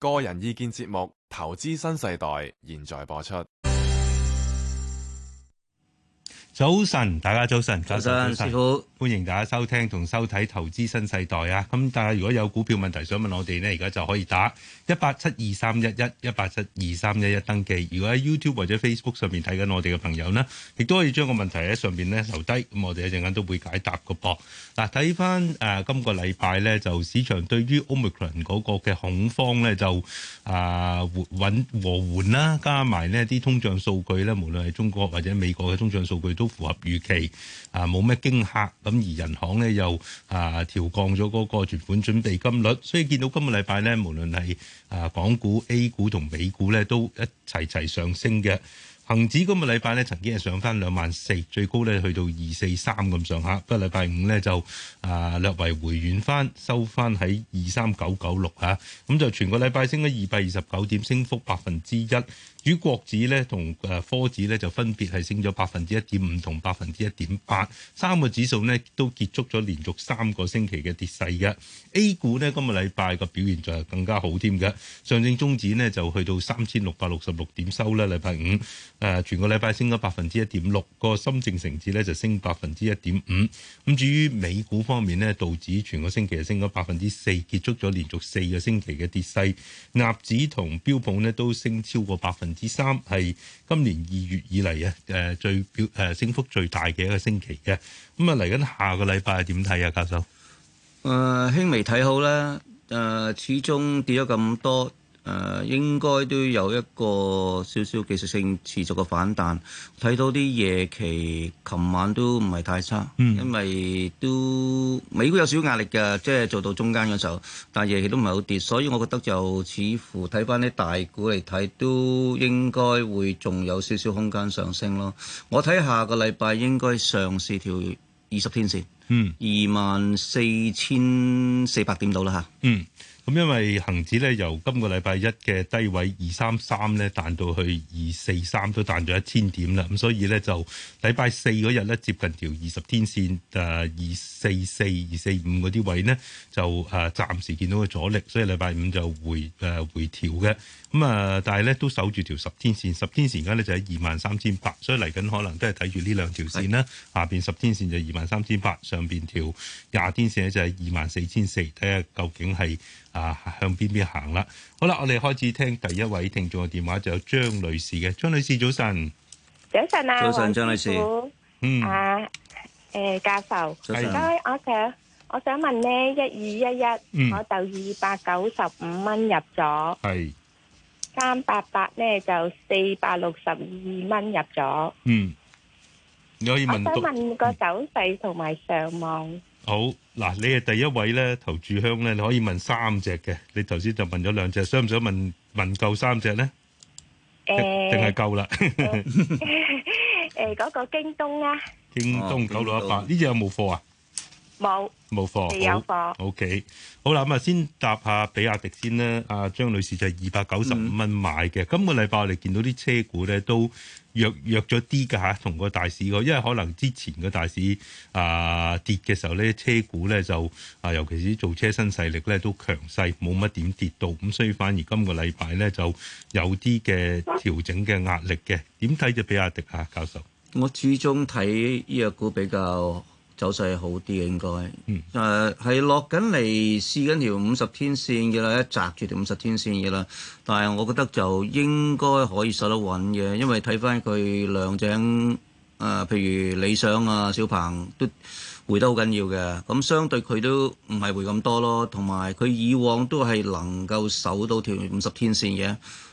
個人意見節目《投資新世代》現在播出。早晨，大家早晨。早晨，早晨。好，歡迎大家收聽同收睇《投資新世代》啊！咁但係如果有股票問題想問我哋咧，而家就可以打一八七二三一一一八七二三一一登記。如果喺 YouTube 或者 Facebook 上面睇緊我哋嘅朋友呢，亦都可以將個問題喺上面咧留低，咁我哋一陣間都會解答個噃。嗱，睇翻誒今個禮拜咧，就市場對於 Omicron 嗰個嘅恐慌咧，就啊穩和緩啦，加埋呢啲通脹數據咧，無論係中國或者美國嘅通脹數據都。符合預期啊，冇咩驚嚇咁，而人行咧又啊調降咗嗰個存款準備金率，所以見到今個禮拜咧，無論係啊港股、A 股同美股咧，都一齊齊上升嘅。恒指今個禮拜咧曾經係上翻兩萬四，最高咧去到二四三咁上下，不過禮拜五咧就啊略為回軟翻，收翻喺二三九九六嚇，咁就全個禮拜升咗二百二十九點，升幅百分之一，與國指咧同誒科指咧就分別係升咗百分之一點五同百分之一點八，三個指數咧都結束咗連續三個星期嘅跌勢嘅。A 股咧今個禮拜個表現就更加好添嘅，上證綜指咧就去到三千六百六十六點收啦禮拜五，誒全個禮拜升咗百分之一點六，個深證成指咧就升百分之一點五。咁至於美股方面咧，道指全個星期係升咗百分之四，結束咗連續四個星期嘅跌勢，納指同標普咧都升超過百分。之三，係今年二月以嚟啊，誒，最表，誒，升幅最大嘅一個星期嘅。咁啊嚟緊下個禮拜點睇啊，教授？誒，輕微睇好啦，誒，始終跌咗咁多。誒、呃、應該都有一個少少技術性持續嘅反彈，睇到啲夜期，琴晚都唔係太差，嗯、因為都美股有少少壓力嘅，即、就、係、是、做到中間嘅時候，但係夜期都唔係好跌，所以我覺得就似乎睇翻啲大股嚟睇，都應該會仲有少少空間上升咯。我睇下個禮拜應該上試條二十天線，二萬四千四百點到啦嚇。嗯嗯。咁因為恒指咧由今個禮拜一嘅低位二三三咧彈到去二四三都彈咗一千點啦，咁所以咧就禮拜四嗰日咧接近條二十天線誒二四四二四五嗰啲位呢，就誒暫時見到個阻力，所以禮拜五就回誒、呃、回調嘅。咁啊，但係咧都守住條十天線，十天線而家咧就係二萬三千八，所以嚟緊可能都係睇住呢兩條線啦。下邊十天線就二萬三千八，上邊條廿天線咧就係二萬四千四，睇下究竟係。啊，向邊邊行啦？好啦，我哋開始聽第一位聽眾嘅電話，就有張女士嘅。張女士早晨，早晨啊，早晨張女士，嗯啊，誒教授，大家好，我想，我想問咧，一二一一，我就二百九十五蚊入咗，係三八八咧就四百六十二蚊入咗，嗯，你可以問，我想問個走勢同埋上網。好嗱，你係第一位咧，投住香咧，你可以問三隻嘅，你頭先就問咗兩隻，想唔想問問夠三隻咧？誒、欸，定係夠啦。誒，嗰個京東啊，京東九六一八呢隻有冇貨啊？冇冇貨，未有，有貨。O K，好啦咁啊，先答下比亞迪先啦。阿張女士就係二百九十五蚊買嘅。嗯、今個禮拜我哋見到啲車股咧都弱弱咗啲噶吓，同個大市個，因為可能之前個大市啊、呃、跌嘅時候咧，車股咧就啊、呃，尤其是造車新勢力咧都強勢，冇乜點跌到，咁所以反而今個禮拜咧就有啲嘅調整嘅壓力嘅。點睇就比亞迪啊，教授？我始終睇呢隻股比較。走勢好啲嘅應該，誒係落緊嚟試緊條五十天線嘅啦，一擲住條五十天線嘅啦。但係我覺得就應該可以守得穩嘅，因為睇翻佢兩井誒、呃，譬如理想啊、小鵬都回得好緊要嘅，咁相對佢都唔係回咁多咯。同埋佢以往都係能夠守到條五十天線嘅。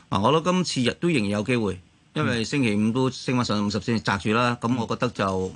嗱、啊，我諗今次亦都仍然有機會，因為星期五都升翻上五十線擲住啦。咁、嗯嗯、我覺得就。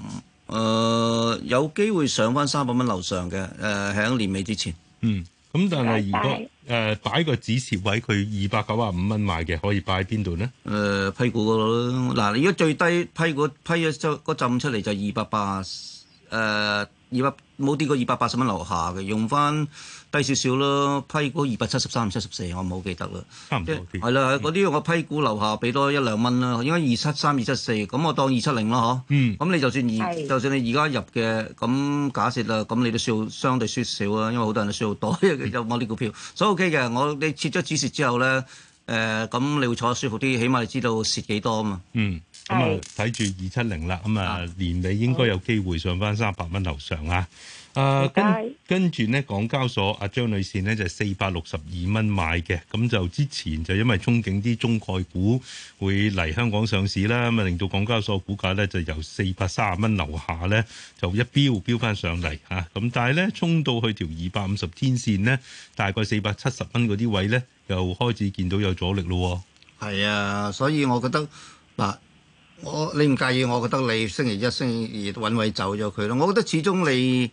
誒、呃，有機會上翻三百蚊樓上嘅，誒、呃、喺年尾之前。嗯，咁、嗯、但係如果誒、呃、擺個止蝕位，佢二百九啊五蚊買嘅，可以擺喺邊度咧？誒、呃、批股嗰度咯，嗱，如果最低批股批咗出嗰浸出嚟就二百八，誒二百冇跌過二百八十蚊樓下嘅，用翻。低少少咯，批股二百七十三、七十四，我唔好記得啦。差唔多啲。係啦，嗰啲我批股樓下俾多一兩蚊啦。應該二七三、二七四，咁我當二七零咯，嗬。嗯。咁你就算而，是就算你而家入嘅，咁假設啊，咁你都需要相對輸少少啊，因為好多人都輸好多，因有冇啲股票，所以 OK 嘅。我你設咗止蝕之後咧，誒、呃，咁你會坐得舒服啲，起碼你知道蝕幾多啊嘛嗯。嗯。咁啊、嗯，睇住二七零啦，咁啊的，嗯嗯、年尾應該有機會上翻三百蚊樓上啊。嗯嗯。誒、啊，跟跟住呢，港交所阿張女士呢就係四百六十二蚊買嘅，咁就之前就因為憧憬啲中概股會嚟香港上市啦，咁啊令到港交所股價呢就由四百三十蚊樓下呢，就一飆飆翻上嚟吓，咁、啊、但係呢，衝到去條二百五十天線呢，大概四百七十蚊嗰啲位呢，又開始見到有阻力咯。係啊，所以我覺得嗱，我你唔介意，我覺得你星期一、星期二揾位走咗佢咯。我覺得始終你。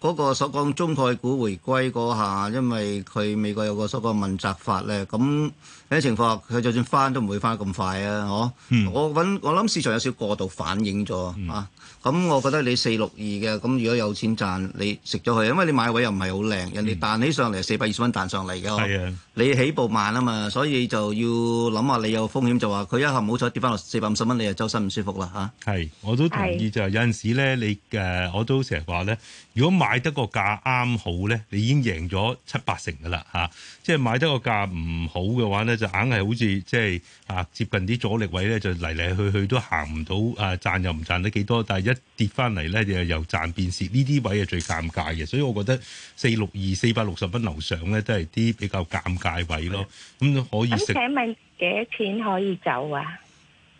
嗰個所講中概股回歸嗰下，因為佢美國有個所講問責法咧，咁啲情況佢就算翻都唔會翻咁快啊，嗬、嗯？我我諗市場有少過度反映咗、嗯、啊。咁我覺得你四六二嘅，咁如果有錢賺，你食咗佢，因為你買位又唔係好靚，人哋彈起上嚟四百二十蚊彈上嚟嘅、嗯，你起步慢啊嘛，所以就要諗下你有風險，就話佢一下唔好彩跌翻落四百五十蚊，你就周身唔舒服啦嚇。係、啊，我都同意就是有陣時咧，你誒我都成日話咧。如果買得個價啱好咧，你已經贏咗七八成嘅啦嚇。即係買得個價唔好嘅話咧，就硬係好似即係啊接近啲阻力位咧，就嚟嚟去去都行唔到啊，賺又唔賺得幾多，但係一跌翻嚟咧又由賺變蝕。呢啲位係最尷尬嘅，所以我覺得四六二四百六十蚊樓上咧都係啲比較尷尬位咯。咁的、嗯、可以請問幾錢可以走啊？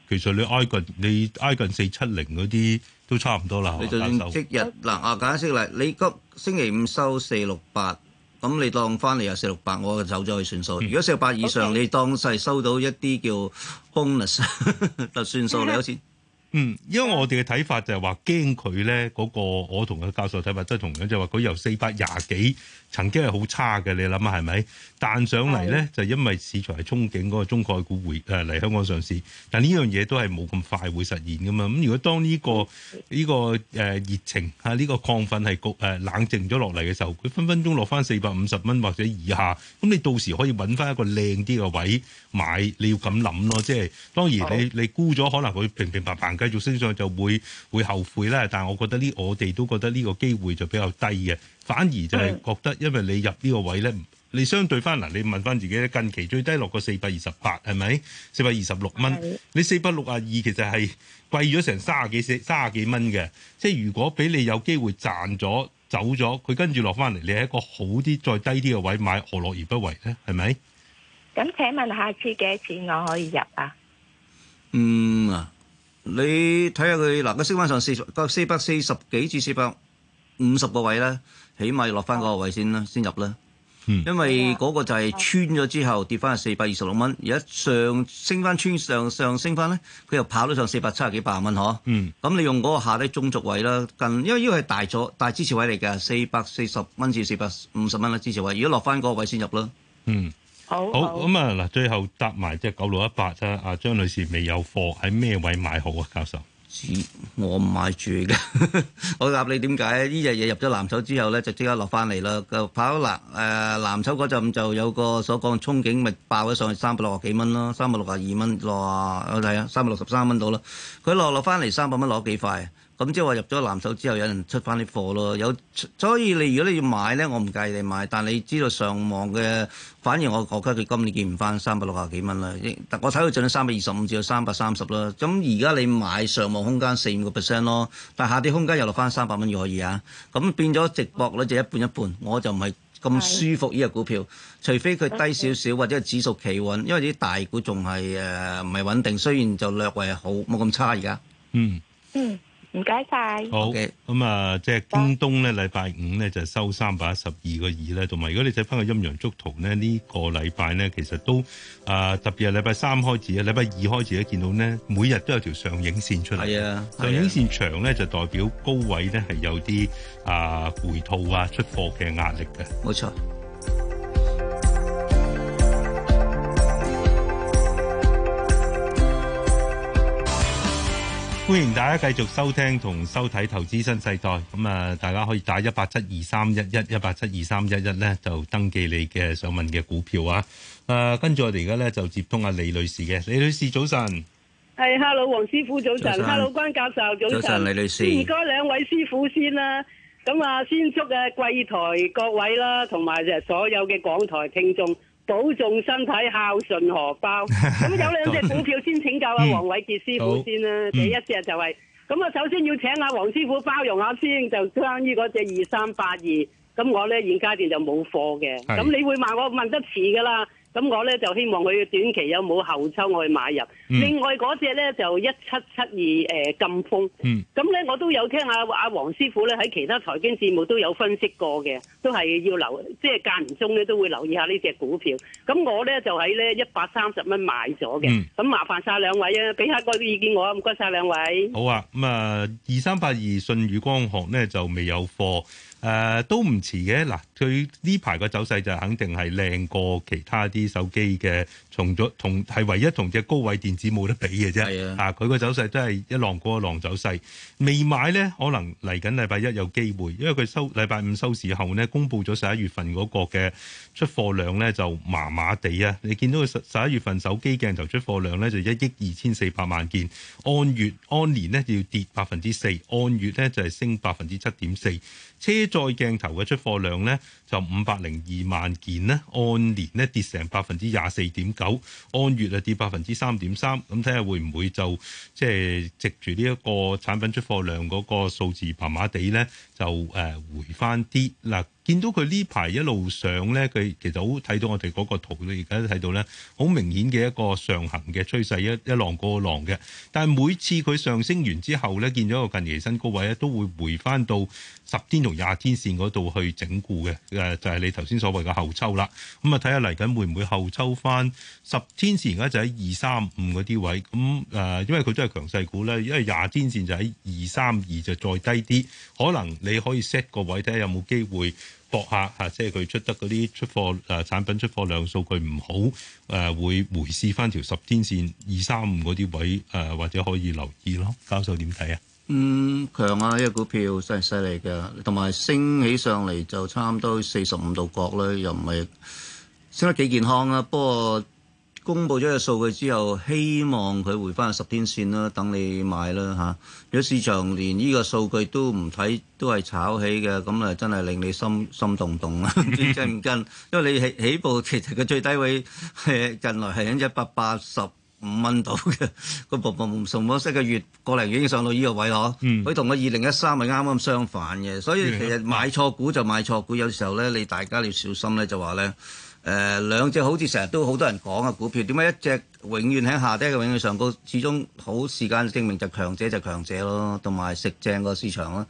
其實你挨近你挨近四七零嗰啲。都差唔多啦、啊，你就即日嗱啊，解釋嚟，你今星期五收四六八，咁你當翻嚟又四六八，我就走咗去算數。嗯、如果四六八以上，Okay. 你當世收到一啲叫 bonus 就 算數嚟先。嗯，吧嗯，因為我哋嘅睇法就係話驚佢咧嗰個，我同佢教授睇法都係同樣，就話、是、佢由四百廿幾。曾經係好差嘅，你諗下係咪？彈上嚟咧，的就因為市場係憧憬嗰個中概股回誒嚟、呃、香港上市，但呢樣嘢都係冇咁快會實現嘅嘛。咁如果當呢、呢個呢、呢個誒、呃、熱情嚇呢、啊呢個亢奮係局誒冷靜咗落嚟嘅時候，佢分分鐘落翻四百五十蚊或者以下。咁你到時可以揾翻一個靚啲嘅位買，你要咁諗咯。即係當然你的你沽咗可能佢平平白，白白繼續升上就會會後悔啦。但係我覺得呢，我哋都覺得呢個機會就比較低嘅。反而就係覺得，因為你入呢個位咧，你相對翻嗱，你問翻自己咧，近期最低落個四百二十八係咪？四百二十六蚊，你四百六啊二其實係貴咗成三十幾、四三啊幾蚊嘅。即係如果俾你有機會賺咗走咗，佢跟住落翻嚟，你喺一個好啲、再低啲嘅位買，何樂而不為咧？係咪？咁請問下次幾多錢我可以入啊？嗯啊，你睇下佢嗱，佢升翻上四十個四百四十幾至四百五十個位咧。起碼落翻嗰個位先啦，先入啦，因為嗰個就係穿咗之後跌翻去四百二十六蚊，而家上升翻穿上上升翻咧，佢又跑得上四百七十幾八十蚊呵，咁你用嗰個下低中軸位啦，近因為呢個係大咗大支持位嚟㗎，四百四十蚊至四百五十蚊啦支持位，如果落翻嗰個位先入啦，嗯，好，好咁啊嗱，最後搭埋即係九六一八啦，阿張女士未有貨喺咩位買好啊，教授？我唔買住嘅， 我答你點解？呢隻嘢入咗藍籌之後咧，就即刻落翻嚟啦。個跑啦誒藍籌嗰陣就有個所講憧憬，咪爆咗上去三百六啊幾蚊咯，三百六啊二蚊，哇！我睇、啊、下三百六十三蚊到啦。佢落落翻嚟三百蚊攞幾塊？咁即係話入咗藍籌之後，有人出翻啲貨咯。有，所以你如果你要買咧，我唔介意你買。但係你知道上網嘅，反而我覺得佢今年見唔翻三百六十幾蚊啦。我睇佢進咗三百二十五至到三百三十啦。咁而家你買上網空間四五個 percent 咯，但下跌空間又落翻三百蚊以下，可以啊。咁變咗值博率就一半一半，我就唔係咁舒服呢個股票，除非佢低少少或者係指數企穩，因為啲大股仲係誒唔係穩定，雖然就略為好，冇咁差而家。嗯。嗯。唔該晒。謝謝。好，咁啊，即係京東咧，禮拜五咧就收三百一十二個二咧，同埋如果你睇翻個陰陽燭圖咧，這個、呢個禮拜咧其實都啊、呃，特別係禮拜三開始啊，禮拜二開始都見到咧，每日都有條上影線出嚟。係啊，上影線長咧、啊、就代表高位咧係有啲啊、呃、回吐啊出貨嘅壓力嘅。冇錯。歡迎大家繼續收聽同收睇《投資新世代》。咁啊，大家可以打一八七二三一一一八七二三一一咧就登記你嘅想問嘅股票啊。誒，跟住我哋而家咧就接通阿李女士嘅。李女士早晨，係，hey，hello，黃師傅早晨，早晨，hello，關教授早晨，早晨，李女士而家兩位師傅先啦。咁啊，先祝誒貴台各位啦，同埋誒所有嘅港台聽眾。保重身體，孝順荷包。咁 有兩隻股票先請教阿黃偉傑師傅先啦。 第一隻就係、是，咁啊，首先要請阿黃師傅包容下先，就關於嗰隻二三八二。咁我呢現階段就冇貨嘅，咁你會問我，我問得遲㗎喇。咁我咧就希望佢短期有冇後抽我去買入。嗯、另外嗰隻咧就一七七二誒，贛鋒。咁咧、嗯、我都有聽下阿黃師傅咧喺其他財經節目都有分析過嘅，都係要留，即係間唔中咧都會留意下呢隻股票。咁我咧就喺咧一百三十蚊買咗嘅。咁、嗯、麻煩晒兩位啊，俾下嗰啲意見我、啊。唔該晒兩位。好啊，咁啊二三八二舜宇光學咧就未有貨。誒、呃、都唔遲嘅嗱，佢呢排個走勢就肯定係靚過其他啲手機嘅。從咗同係唯一同隻高位電子冇得比嘅啫。的啊，佢個走勢都係一浪過一浪走勢。未買呢，可能嚟緊禮拜一有機會，因為佢收禮拜五收市後呢，公布咗十一月份嗰個嘅出貨量呢，就麻麻地啊。你見到佢十十一月份手機鏡頭出貨量呢，就一億二千四百萬件，按月按年呢，就要跌百分之四，按月呢，就係、是、升百分之七點四。車載鏡頭嘅出貨量呢，就五百零二萬件呢，按年咧跌成百分之廿四點九，按月啊跌百分之三點三，咁睇下會唔會就即係、就是、藉住呢一個產品出貨量嗰個數字麻麻地呢就誒、呃、回翻啲啦。見到佢呢排一路上咧，佢其實好睇到我哋嗰個圖，而家睇到咧好明顯嘅一個上行嘅趨勢，一一浪過浪嘅。但係每次佢上升完之後咧，見咗個近期新高位咧，都會回翻到十天同廿天線嗰度去整固嘅。誒就係、是、你頭先所謂嘅後抽啦。咁啊睇下嚟緊會唔會後抽翻十天線？而家就喺二三五嗰啲位。咁誒、呃，因為佢都係強勢股咧，因為廿天線就喺二三二就再低啲，可能你可以 set 個位睇下有冇機會。博客，嚇，即係佢出得嗰啲出貨誒、啊、產品出貨量數據唔好誒、啊，會回試翻條十天線二三五嗰啲位誒、啊，或者可以留意咯。教授點睇啊？嗯，強啊！呢個股票真係犀利嘅，同埋升起上嚟就差唔多四十五度角啦，又唔係升得幾健康啊，不過。公布咗個數據之後，希望佢回翻十天線啦，等你買啦吓，如果市場連呢個數據都唔睇，都係炒起嘅，咁啊真係令你心心動動啊！跟唔跟？因為你起起步其實個最低位係近來係喺一百八十五蚊度嘅，佢冇冇冇，送咗四個月，個零已經上到呢個位咯。佢同個二零一三係啱啱相反嘅。所以其實買錯股就買錯股。有時候呢，你大家要小心呢，就話呢誒兩隻好似成日都好多人講嘅股票，點解一隻永遠喺下跌嘅，永遠上高，始終好時間證明就強、是、者就強者咯，同埋食正個市場啦。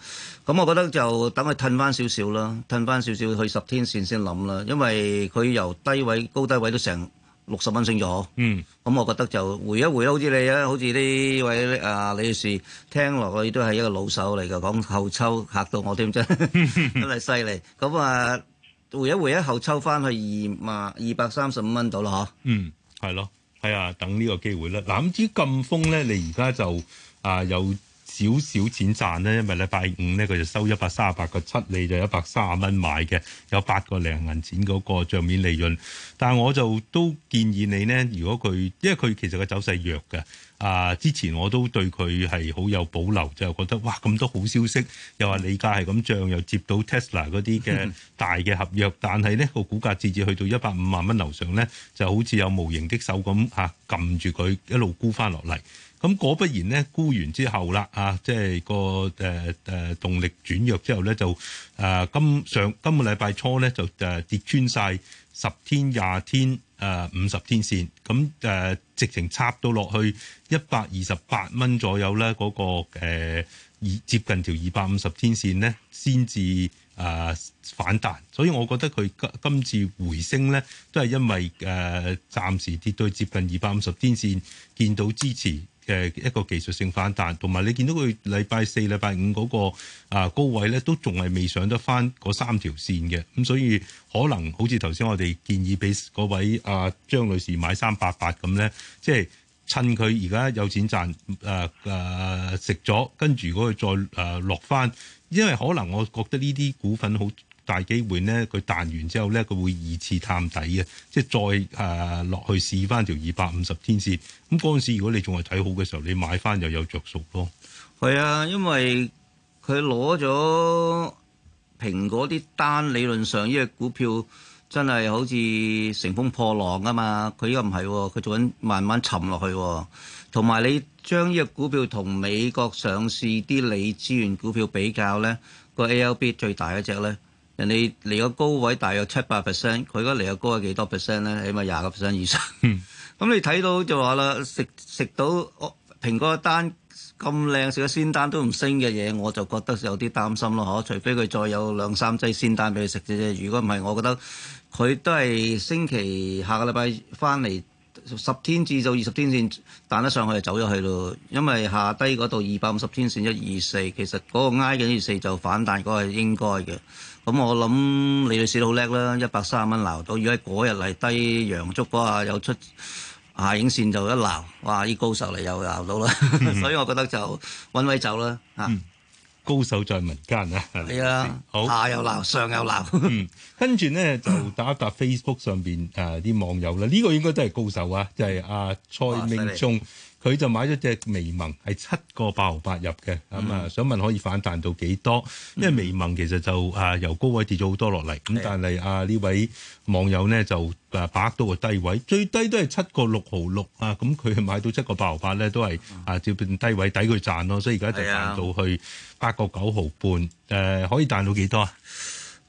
咁我覺得就等佢褪翻少少啦，褪翻少少去十天線先諗啦，因為佢由低位高低位都成六十蚊升咗。嗯，咁、嗯嗯、我覺得就回一回，好似你好啊，好似呢位阿李士聽落去都係一個老手嚟嘅，講後抽嚇到我點啫？對對 真係犀利。咁、嗯、啊～ 回一回一後抽翻去二萬二百三十五蚊到啦，吓，嗯，係咯，係、哎、啊，等呢個機會啦。嗱，咁之咁豐咧，你而家就啊有。少少錢賺，咧，因為禮拜五咧佢就收一百三十八個七釐，就一百三十蚊買嘅，有八個零銀錢嗰個帳面利潤。但係我就都建議你呢，如果佢，因為佢其實個走勢弱嘅，啊之前我都對佢係好有保留，就覺得哇咁多好消息，又話鋰價係咁漲，又接到 Tesla 嗰啲嘅大嘅合約，嗯、但係呢個股價次至，至去到一百五萬蚊樓上呢，就好似有無形的手咁嚇撳住佢一路、啊、沽翻落嚟。咁果不然呢，沽完之後啦，啊，即係個誒誒、呃、動力轉弱之後咧，就誒、呃、今上今個禮拜初咧就誒跌穿晒十天廿天誒五十天線，咁、呃、誒直情插到落去一百二十八蚊左右咧，嗰、嗰個二、呃、接近條二百五十天線咧，先至誒反彈，所以我覺得佢今今次回升咧，都係因為誒暫、呃、時跌到接近二百五十天線，見到支持。嘅一個技術性反彈，同埋你見到佢禮拜四、禮拜五嗰個啊高位咧，都仲係未上得返嗰三條線嘅，咁所以可能好似頭先我哋建議俾嗰位啊張女士買三八八咁咧，即係趁佢而家有錢賺，誒誒食咗，跟住如果佢再誒落返，因為可能我覺得呢啲股份好大機會咧，佢彈完之後咧，佢會二次探底嘅，即係再誒落、呃、去試翻條二百五十天線。咁嗰陣時，如果你仲係睇好嘅時候，你買翻又有着數咯。係啊，因為佢攞咗蘋果啲單，理論上呢隻、這個、股票真係好似乘風破浪啊嘛。佢依家唔係，佢做緊慢慢沉落去、啊。同埋你將呢隻股票同美國上市啲鋰資源股票比較咧，個 A L B 最大嗰隻咧。人哋嚟個高位大約七百 percent，佢而家嚟個高位幾多 percent 咧？起碼廿個 percent 以上。咁、 嗯、你睇到就話啦，食食到蘋果單咁靚，食個仙丹都唔升嘅嘢，我就覺得有啲擔心咯。嗬，除非佢再有兩三劑仙丹俾佢食啫。如果唔係，我覺得佢都係星期下個禮拜翻嚟十天至到二十天線彈得上去就走咗去咯。因為下低嗰度二百五十天線一二四，1, 2, 4, 其實嗰個挨緊二四就反彈，嗰個係應該嘅。咁我諗李女士都好叻啦，一百三蚊鬧到。如果嗰日嚟低陽燭嗰下又出下影線就一鬧，哇！呢高手嚟又鬧到啦，所以我覺得就揾位走啦。啊，高手在民間啊，係啊的，好下又鬧，上又鬧，跟住咧就打一打 Facebook 上邊誒啲網友啦。呢、這個應該都係高手啊，就係、是、阿、啊、蔡明忠。啊佢就買咗隻微盟，係七個八毫八入嘅，咁啊、嗯，想問可以反彈到幾多？嗯、因為微盟其實就啊由高位跌咗好多落嚟，咁、嗯、但係啊呢位網友呢，就啊把握到個低位，最低都係七個六毫六啊，咁佢買到七個八毫八咧都係啊照變、嗯、低位抵佢賺咯，所以而家就賺到去八個九毫半，誒、嗯、可以賺到幾多啊？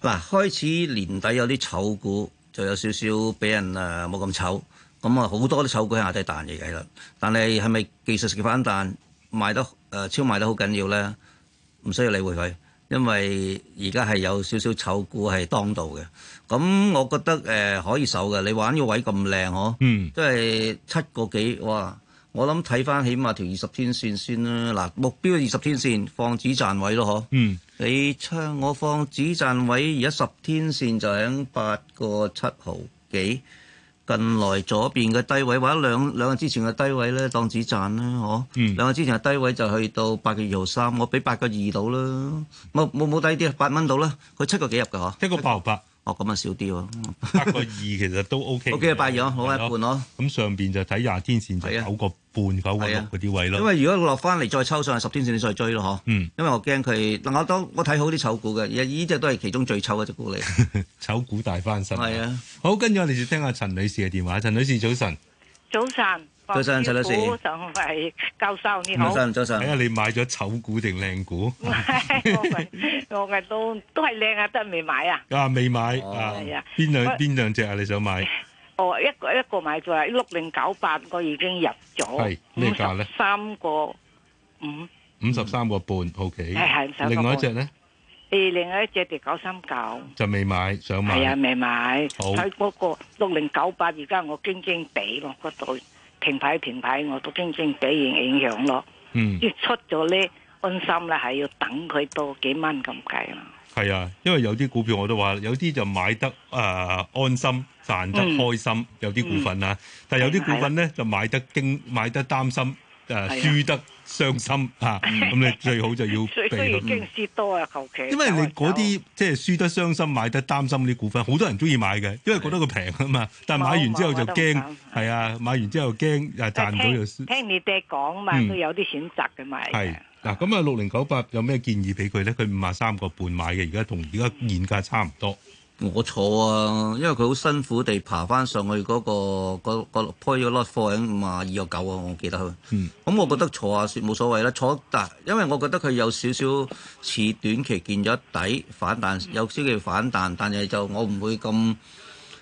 嗱，開始年底有啲醜股，就有少少俾人啊冇咁醜。咁啊，好多啲醜股喺下低彈嘅，其但係係咪技術性反彈賣得誒超賣得好緊要咧？唔需要理會佢，因為而家係有少少醜股係當道嘅。咁我覺得誒可以守嘅，你玩個位咁靚呵，即係七個幾哇！我諗睇翻起碼條二十天線先啦。嗱、嗯，目標二十天線放止賺位咯，呵。 你唱我放止賺位，而家十天線就喺八個七毫幾。 近來左邊嘅低位，或者兩兩個之前嘅低位咧，當止賺啦，嗬、嗯。兩個之前嘅低位就去到八個二號三，我俾八個二到啦。冇冇冇低啲啊？八蚊到啦，佢七個幾入㗎嗬。一個八八。咁啊、哦、少啲喎，八 個二其實都 OK，OK、OK、啊，八二咯，一半咯。咁吧上邊就睇廿天線就九個半九的個六嗰啲位咯。因為如果落翻嚟再抽上十天線，你再追咯嗬，嗯，因為我驚佢，但我當我睇好啲炒股嘅，而呢隻都係其中最炒嘅隻股嚟。炒股 大翻身。係啊的，好，跟住我哋就聽下陳女士嘅電話。陳女士，早晨。早晨。早晨，蔡女士。上午係教授你好。早晨，早晨。睇下你買咗醜股定靚股？唔係，我嘅都都係靚啊，都未買啊。啊，未買啊？邊兩邊兩隻啊？你想買？哦，一個一個買咗啦，六零九八，我已經入咗。係咩價咧？三個五五十三個半，OK。係係。另外一隻咧？誒，另外一隻跌九三九，就未買，想買。係啊，未買。好。喺嗰個六零九八，而家我驚驚地俾嗰對。停牌停牌，我都經正俾人影響咯。嗯，一出咗咧，安心咧係要等佢多幾蚊咁計啦。係啊，因為有啲股票我都話，有啲就買得誒、呃、安心賺得開心，嗯、有啲股份啊，但係有啲股份咧、嗯、就買得驚、啊、買得擔心。誒，輸、啊、得傷心吓，咁你、 啊嗯、最好就要避咁樣。最最驚輸多啊，求其。因為你嗰啲即係輸得傷心、買得擔心啲股份，好多人中意買嘅，因為覺得佢平啊嘛。但係買完之後就驚，係啊，買完之後驚啊，賺到就輸。聽你爹講嘛，佢有啲選擇嘅買的。係嗱、嗯，咁、嗯、啊，六零九八有咩建議俾佢咧？佢五啊三個半買嘅，而家同而家現價差唔多。我坐啊，因為佢好辛苦地爬返上去嗰、那個嗰嗰棵嗰粒貨喺五啊二個九啊，我記得佢。咁我覺得坐下算冇所謂啦，坐大，因為我覺得佢有少少似短期見咗底反彈，有少少反彈，但係就我唔會咁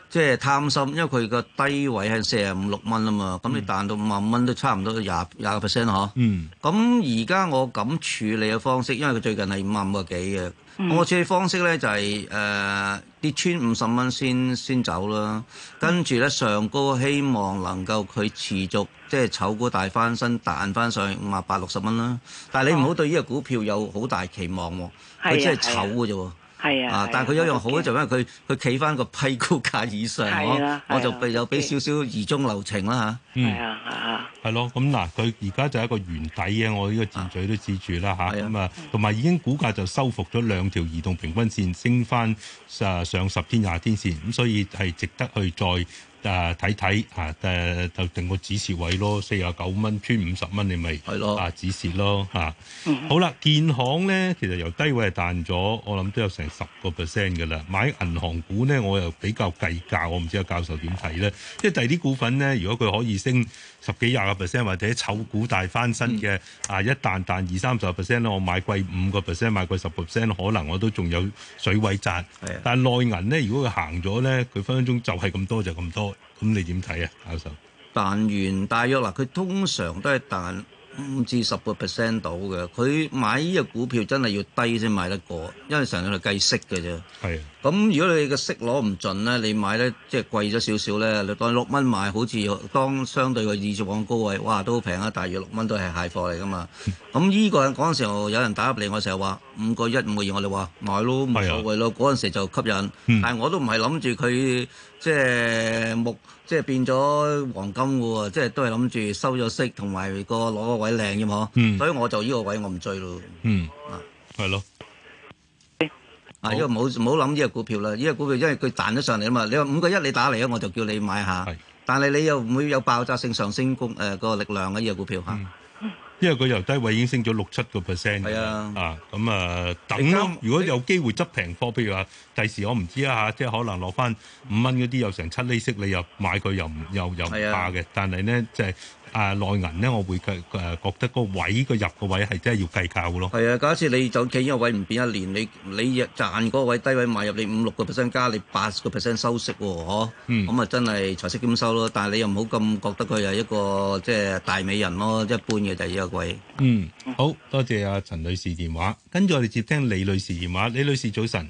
即係貪心，因為佢個低位係四啊五六蚊啊嘛，咁你彈到五啊蚊都差唔多廿廿個 percent 咯嗬。咁而家我咁處理嘅方式，因為佢最近係五啊五個幾嘅。嗯、我處理方式咧就係誒跌穿五十蚊先先走啦，跟住咧上高希望能夠佢持續即係炒股大翻身彈翻上五啊八六十蚊啦。但係你唔好對呢個股票有好大期望喎、啊，佢、哦、真係醜嘅啫喎。係啊，但係佢有一樣好咧，就 Okay. 因為佢佢企翻個批股價以上，我我就俾有俾少少疑中留情啦嚇。係啊，係咯、嗯，咁嗱、啊，佢而家就一個圓底嘅，我呢個箭嘴都指住啦嚇。咁啊，同埋、啊啊嗯、已經股價就收復咗兩條移動平均線，升翻誒上十天廿天線，咁所以係值得去再。誒睇睇嚇誒就定個指示位咯，四十九蚊穿五十蚊你咪係咯，啊指示咯嚇。好啦，建行咧其實由低位係彈咗，我諗都有成十個 percent 嘅啦。買銀行股咧，我又比較計較，我唔知阿教授點睇咧。即係第二啲股份咧，如果佢可以升十幾廿個 percent，或者炒股大翻身嘅啊一彈彈二三十 percent，我買貴五個 percent，買貴十 percent，可能我都仲有水位賺。但係內銀咧，如果佢行咗咧，佢分分鐘就係咁多就咁多。咁你點睇啊，教授？彈完大約啦，佢通常都係彈五至十個 percent 到嘅，佢買呢個股票真係要低先買得過，因為成日嚟計息嘅啫。係咁的，如果你個息攞唔盡咧，你買咧即係貴咗少少咧，你當六蚊買好似當相對個二前往高位，哇都平啊，大約六蚊都係蟹貨嚟噶嘛。咁依、 呢個嗰陣時候有人打入嚟，我成日話五個一、五個二，我哋話買咯，冇所謂咯。嗰陣的時就吸引，嗯、但係我都唔係諗住佢即係木。即係變咗黃金喎，即係都係諗住收咗息，同埋個攞個位靚啫嘛。嗯、所以我就呢個位我唔追咯。嗯，係咯。啊，依個冇冇諗呢個股票啦。呢、這個股票因為佢彈咗上嚟啊嘛。你話五個一你打嚟啊，我就叫你買下。的但係你又唔會有爆炸性上升功，誒、呃這個力量嘅、啊、呢、這個股票嚇。啊嗯因為佢由低位已經升咗六七個 percent 㗎，啊，咁啊，啊等咯。該如果有機會執平貨，譬如話第時我唔知啊嚇，即係可能落翻五蚊嗰啲有成七厘息，你又買佢又唔又又唔怕嘅。啊、但係咧即係。就是啊，內銀咧，我會誒覺得個位個入個位係真係要計較咯。係啊，假設你就企呢個位唔變一年，你你賺嗰位低位買入，你五六個 percent 加，你八個 percent 收息喎，嗬。嗯。咁啊，真係財色兼收咯。但係你又唔好咁覺得佢係一個即係大美人咯，一般嘅就係呢個位。嗯，好多謝阿、啊、陳女士電話。跟住我哋接聽李女士電話。李女士早晨。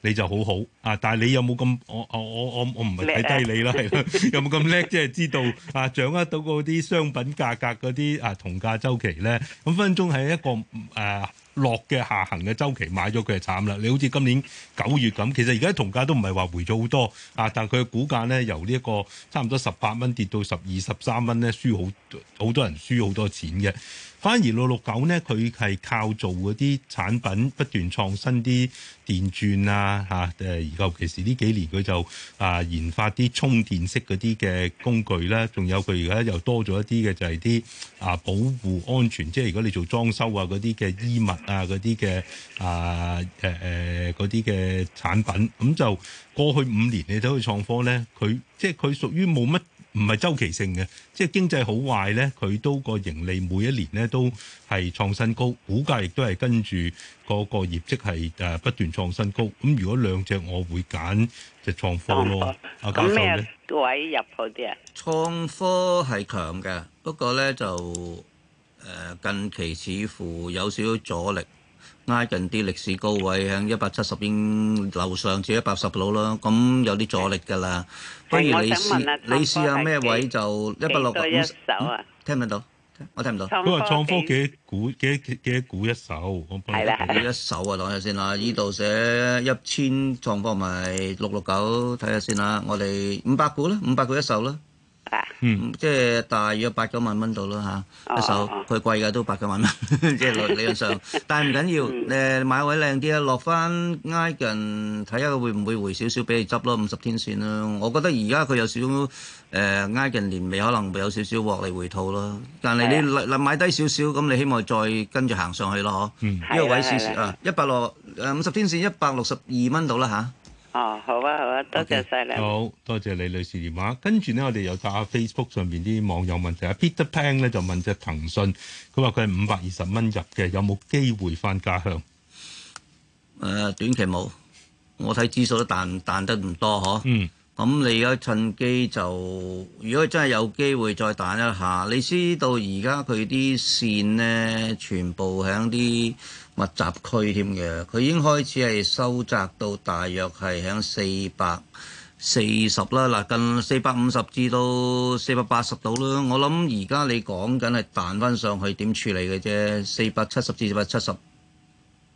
你就好好啊，但係你有冇咁，我我我我我唔係睇低你啦，係 有冇咁叻，即係知道啊？掌握到嗰啲商品價格嗰啲啊同價周期咧，咁分分鐘係一個誒。啊落嘅下行嘅周期買咗佢就慘啦！你好似今年九月咁，其實而家同價都唔係話回咗好多啊，但係佢嘅股價咧由呢一個差唔多十八蚊跌到十二、十三蚊咧，輸好好多人，輸好多錢嘅。反而六六九呢，佢係靠做嗰啲產品不斷創新啲電鑽啊嚇，誒、啊、而尤其是呢幾年佢就啊研發啲充電式嗰啲嘅工具啦，仲、啊、有佢而家又多咗一啲嘅就係啲啊保護安全，即係如果你做裝修啊嗰啲嘅衣物。啊！嗰啲嘅啊誒誒嗰啲嘅產品，咁就過去五年你睇佢創科咧，佢即係佢屬於冇乜唔係周期性嘅，即係經濟好壞咧，佢都個盈利每一年咧都係創新高，估計亦都係跟住個個業績係不斷創新高。咁如果兩隻我會揀就創科咯，阿教授咧。啊、咩位入好啲啊？創科係強嘅，不過咧就。誒近期似乎有少少阻力，挨近啲歷史高位，喺一百七十邊樓上至一百十度啦。咁有啲阻力㗎啦。不如你試，你試下咩位就一百六五十。聽唔聽到？我聽唔到。佢話創科技股幾股幾股一手？我幫你。係啦。股一手啊，講下先啦。呢度寫一千創科咪六六九，睇下先啦。我哋五百股啦，五百股一手啦。嗯，即係大約八九萬蚊度咯嚇，哦、一手佢、哦哦、貴嘅都八九萬蚊，即 係理論上。 但係唔緊要，誒、嗯、買位靚啲啊，落翻挨近睇下佢會唔會回少少俾你執咯，五十天線咯。我覺得而家佢有少誒挨近年尾可能會有少少獲利回吐咯。但係你嗱、啊、買低少少，咁你希望再跟住行上去咯呢、嗯、個位試試啊，一百六誒五十天線一百六十二蚊度啦嚇。哦，好啊，好啊，多謝晒你，okay, 良好多謝李女士電話。跟住咧，我哋又打 Facebook 上邊啲網友問題。Peter Pang 咧就問隻騰訊，佢話佢係五百二十蚊入嘅，有冇機會翻家鄉？誒、呃，短期冇，我睇指數都彈彈得唔多嗬。嗯。咁、嗯、你而家趁機就，如果真係有機會再彈一下，你知道而家佢啲線呢，全部喺啲密集區添嘅，佢已經開始係收窄到大約係喺四百四十啦，嗱近四百五十至到四百八十度啦。我諗而家你講緊係彈翻上去點處理嘅啫，四百七十至四百七十。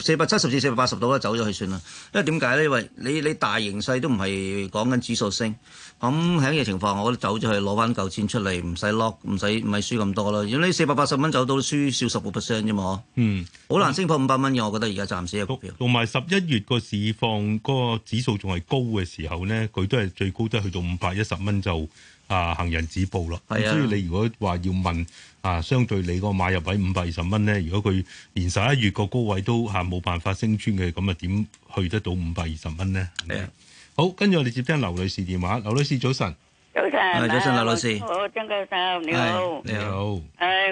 四百七十至四百八十度啦，走咗去算啦。因為點解咧？因為你你大形勢都唔係講緊指數升，咁喺呢個情況下，我覺得走咗去攞翻舊錢出嚟，唔使 lock，唔使唔係輸咁多咯。如果你四百八十蚊走到，輸少十個 percent 啫嘛。嗯，好難升破五百蚊嘅，我覺得而家暫時嘅股票。同埋十一月個市況，個指數仲係高嘅時候咧，佢都係最高都係去到五百一十蚊就啊行人止步啦。係啊。所以你如果話要問？啊，相對你個買入位五百二十蚊咧，如果佢連十一月個高位都嚇冇辦法升穿嘅，咁啊點去得到五百二十蚊咧？係啊。好，跟住我哋接聽劉女士電話。劉女士早晨，早晨，早晨，劉老師，我張教授你好，你好。誒，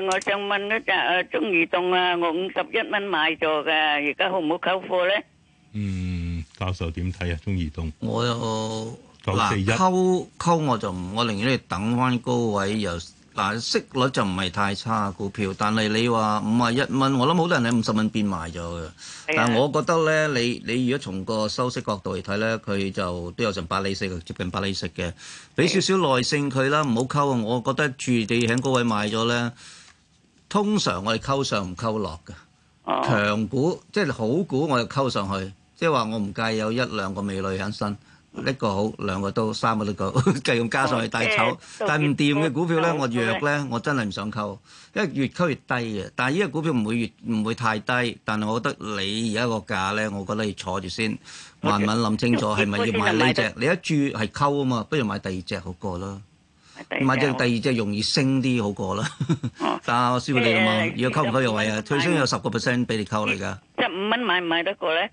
我想問一隻誒中移動啊，我五十一蚊買咗嘅，而家好唔好溝貨咧？嗯，教授點睇啊？中移動，我九四一溝溝我就唔，我寧願咧等翻高位又。但、啊、息率就唔係太差股票，但係你話五萬一蚊，我諗好多人喺五十蚊變賣咗嘅。的但係我覺得咧，你你如果從個收息角度嚟睇咧，佢就都有成八釐四嘅，接近八釐四嘅。俾少少耐性佢啦，唔好溝啊！我覺得住地喺高位賣咗咧，通常我哋溝上唔溝落嘅。強股即係好股，我哋溝上去，即係話我唔計有一兩個美女喺身。一個好，兩個都，三個都夠，繼續加上去大炒。但唔掂嘅股票咧，我弱咧，我真係唔想溝，因為越溝越低嘅。但依個股票唔會越唔會太低，但係我覺得你而家個價咧，我覺得你坐住先，慢慢諗清楚係咪要買呢隻。你一注係溝啊嘛，不如買第二隻好過啦。買第隻，第二隻容易升啲好過啦。 哦、但我師傅你啊嘛，如果溝唔到又為啊，最少有十個 percent 俾你溝你㗎。五蚊買唔買得過咧？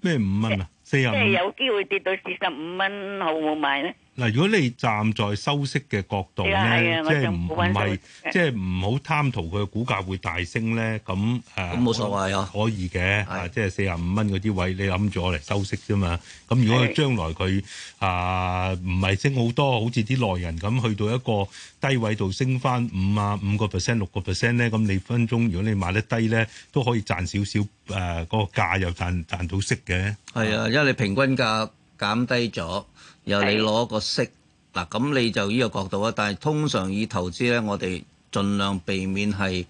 咩五蚊啊？即係有機會跌到四十五蚊，好唔好買咧？嗱，如果你站在收息嘅角度咧，即係唔係，即係唔好貪圖佢嘅股價會大升咧，咁誒，冇所謂啊，可以嘅，即係四十五蚊嗰啲位，你諗住我嚟收息啫嘛。咁如果佢將來佢啊唔係升好多，好似啲內人咁，去到一個低位度升翻五啊五個 percent、六個 percent 咧，咁你分鐘如果你買得低咧，都可以賺少少誒，嗰個價又賺賺到息嘅。係啊，因為你平均價減低咗。由你攞個息嗱，咁你就依個角度啊。但係通常以投資咧，我哋盡量避免係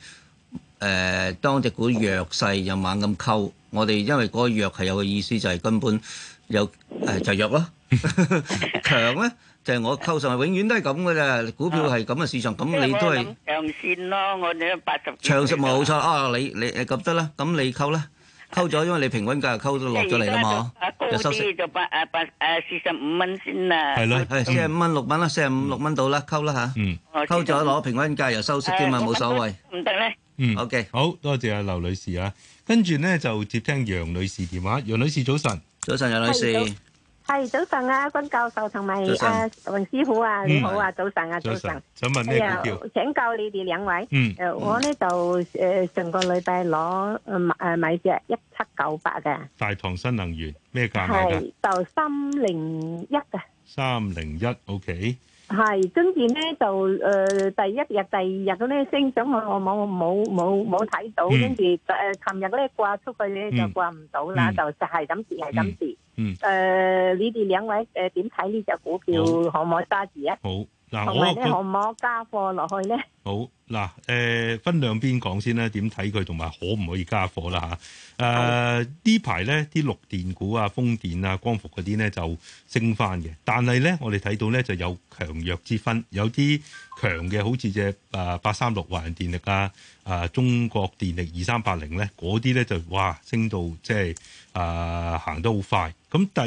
誒當隻股弱勢又猛咁溝。我哋因為嗰個弱係有個意思，就係根本有誒就弱咯。強咧就係我溝上係永遠都係咁嘅啫。股票係咁嘅市場，咁你都係長線咯。我哋都八十長線冇錯啊！你你誒咁得啦，咁你溝啦。扣咗，因為你平均價又溝咗落咗嚟喇嘛，就收息八啊八誒四十五蚊先啦，係咯，係四十五蚊六蚊啦，四十五六蚊到啦，溝啦吓，嗯，溝咗攞平均價又收息啫嘛，冇、嗯、所謂，唔得咧，嗯，OK，好多謝阿劉女士啊，跟住咧就接聽楊女士電話，楊女士早晨，早晨楊女士。係早晨啊，君教授同埋阿榮師傅啊，你好啊，早晨啊，早晨。想問咩股票？請教你哋兩位。嗯。我呢就誒，上個禮拜攞誒買隻一七九八嘅，大唐新能源咩價？係就三零一嘅。三零一，OK。係，跟住呢就誒，第一日、第二日嗰呢升，咁我我冇冇冇冇睇到，跟住誒尋日嗰呢掛出去呢就掛唔到啦，就就係咁時，係咁時。誒、嗯呃，你哋兩位誒、呃，點睇呢隻股票可唔可揸住啊？好、嗯。嗯嗱，我可唔可加貨落去咧？好嗱，誒分兩邊講先啦，點睇佢同埋可唔可以加貨啦吓？誒的、呃、呢排咧，啲綠電股啊、風電啊、光伏嗰啲咧就升返嘅，但係咧我哋睇到咧就有強弱之分，有啲強嘅好似隻啊八三六華潤電力啊、啊中國電力二三八零咧嗰啲咧就哇升到即係啊行得好快，咁第二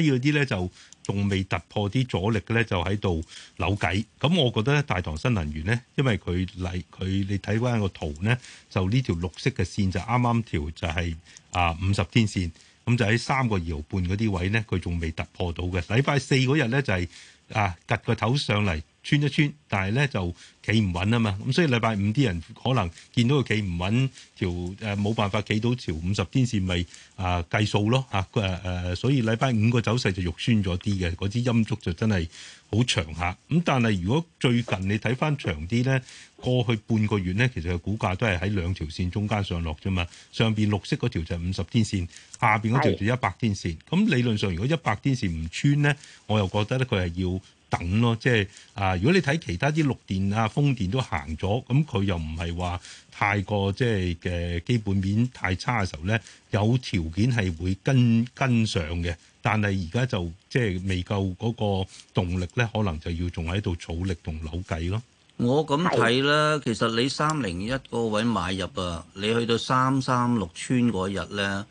批嗰啲咧就～就就仲未突破啲阻力嘅咧，就喺度扭計，咁我覺得咧大唐新能源咧，因為佢嚟佢你睇翻個圖咧，就呢條綠色嘅線就啱啱條就係、是、啊五十天線，咁就喺三個二毫半嗰啲位咧，佢仲未突破到嘅。禮拜四嗰日咧就係、是、啊趷個頭上嚟。穿一穿，但係咧就企唔穩啊嘛，咁所以禮拜五啲人可能見到佢企唔穩條誒冇辦法企到條五十天線，咪、呃、啊計數咯嚇誒誒，所以禮拜五個走勢就肉酸咗啲嘅，嗰支陰燭就真係好長嚇。咁、嗯、但係如果最近你睇翻長啲咧，過去半個月咧，其實個股價都係喺兩條線中間上落啫嘛。上邊綠色嗰條就五十天線，下邊嗰條就一百天線。咁是理論上如果一百天線唔穿咧，我又覺得咧佢係要。等咯，即係啊，如果你睇其他啲綠電啊、風電都行咗，咁佢又唔係話太過即係嘅基本面太差嘅時候咧，有條件係會跟跟上嘅。但係而家就即係未夠嗰個動力咧，可能就要仲喺度儲力同扭計咯。我咁睇啦，其實你三零一個位買入啊，你去到三三六村嗰日咧，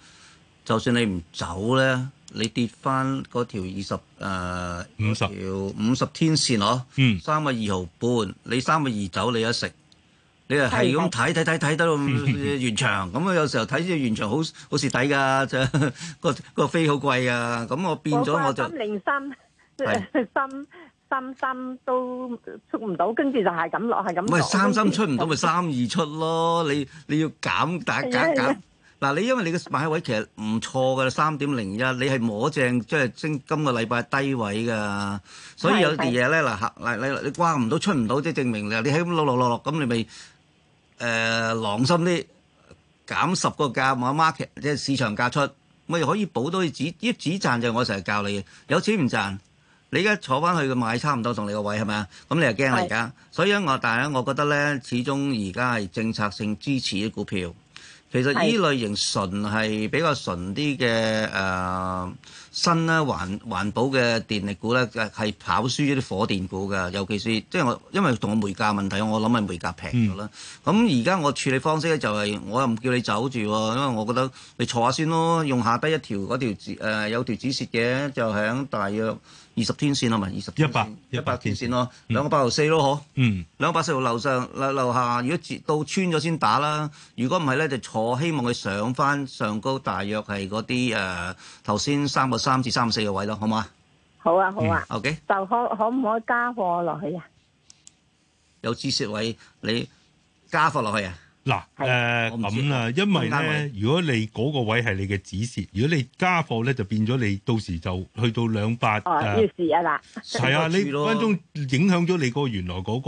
就算你唔走咧。你跌翻嗰條二十誒，嗰條五十天線嗬，三個二毫半，你三個二走你一食，你係咁睇睇睇睇得咁完場，咁啊有時候睇住完場好好蝕底㗎，個個飛好貴㗎，咁我變咗我就三零三，三三三都出唔到，跟住就係咁落，係咁。唔係三三出唔到咪三二出咯？你你要減打減減。嗱，你因為你嘅買的位其實唔錯嘅，三點零一，你係摸正，即係升今個禮拜低位噶，所以有啲嘢咧，嗱，嗱，你你掛唔到出唔到，即係證明嗱，你喺咁六六六六，咁你咪誒、呃、狼心啲減十個價買 market，即係市場價出，咪可以補多啲紙，一紙賺就我成日教你，有錢唔賺，你而家坐翻去嘅買差唔多同你個位係咪啊？咁你又驚啦而家，所以我但係我覺得咧，始終而家係政策性支持啲股票。其實依類型純係比較純啲嘅誒新咧環環保嘅電力股咧，係跑輸咗啲火電股㗎。尤其是即係我因為同個煤價問題，我諗係煤價平咗啦。咁而家我處理方式咧就係、是、我又唔叫你走住喎，因為我覺得你坐下先咯，用下低一條嗰條有條紫色嘅就喺大約二十天線啊，咪？二十一百一百條線咯，兩個八號四咯，嗬。嗯，兩個八號四樓上、樓樓下，如果到穿咗先打啦。如果唔係咧，就坐。希望佢上翻上高，大約係嗰啲誒，頭先三百三至三四嘅位咯，好嘛？好啊，好啊。嗯、OK，就可可唔可以加貨落去啊？有止蝕位，你加貨落去啊？嗱，誒咁啦，因為咧，如果你嗰個位係你嘅止蝕，如果你加貨咧，就變咗你到時就去到兩百誒，止蝕啊啦，係啊，你分分鐘影響咗你嗰原來嗰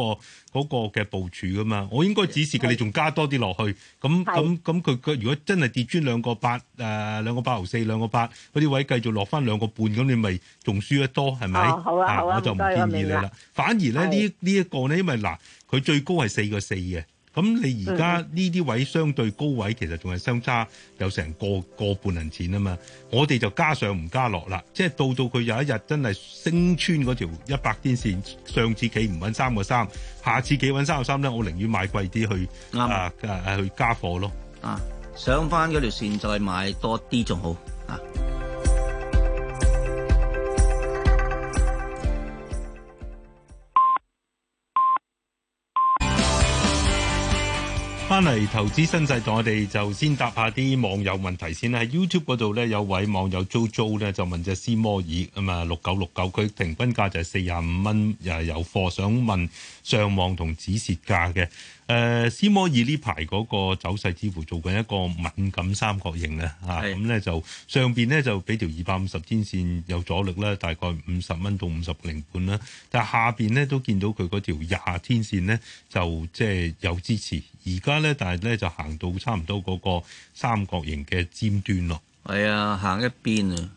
個嗰嘅部署噶嘛，我應該止蝕嘅，你仲加多啲落去，咁咁咁佢佢如果真係跌穿兩個八誒兩個八毫四兩個八嗰啲位繼續落翻兩個半，咁你咪仲輸得多係咪？好啊，我就唔建議你啦。反而咧呢呢一個咧，因為嗱，佢最高係四個四嘅。咁你而家呢啲位相對高位，其實仲係相差有成個個半銀錢啊嘛！我哋就加上唔加落啦，即係到到佢有一日真係升穿嗰條一百天線，上次企唔穩三個三，下次企穩三個三咧，我寧願買貴啲去對啊去加貨咯啊！上翻嗰條線就係買多啲仲好啊！翻嚟投資新世代，我哋就先答下啲網友問題先喺 YouTube 嗰度咧，有位網友 JoJo 咧 jo 就問隻斯摩爾咁啊六九六九，佢、e, 嗯、平均價就係四十五蚊，又係有貨，想問上網同止蝕價嘅。誒、呃、斯摩爾呢排嗰個走勢，似乎做緊一個敏感三角形咧嚇，咁咧是、啊嗯、就上邊咧就俾條二百五十天線有阻力啦，大概五十蚊到五十零半啦，但係下邊咧都見到佢嗰條廿天線咧就即係、就是、有支持，而家咧但係咧就行到差唔多嗰個三角形嘅尖端咯。係啊，行一邊啊，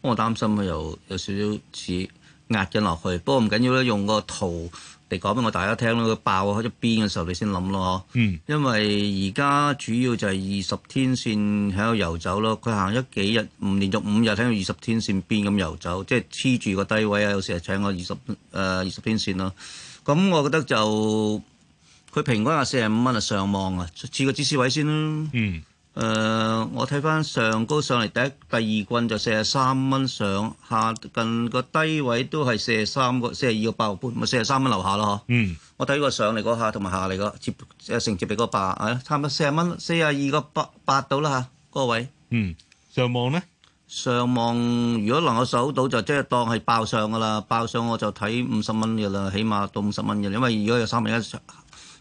我擔心啊又有，有少少似。壓緊落去，不過唔緊要啦。用個圖嚟講俾我大家聽咯。佢爆開咗邊嘅時候，你先諗咯。嗯，因為而家主要就係二十天線喺度遊走咯。佢行咗幾日，唔連續五日喺度二十天線邊咁遊走，即係黐住個低位啊。有時係請我二十誒二十天線咯。咁我覺得就佢平均啊四十五蚊啊上望啊，設個止蝕位先啦。嗯。誒、呃，我睇翻上高上嚟第一第二棍就四十三蚊上下，近個低位都係四十三個四十二個八毫半，咪四十三蚊樓下咯，嗯，我睇過上嚟嗰下同埋下嚟個接承接住個八，係差唔多四十蚊，四十二個八八到啦，嚇，嗰個位。嗯，上望咧？上望如果能夠守到就即係當係爆上噶啦，爆上我就睇五十蚊嘅啦，起碼到五十蚊嘅，因為如果有三百一上，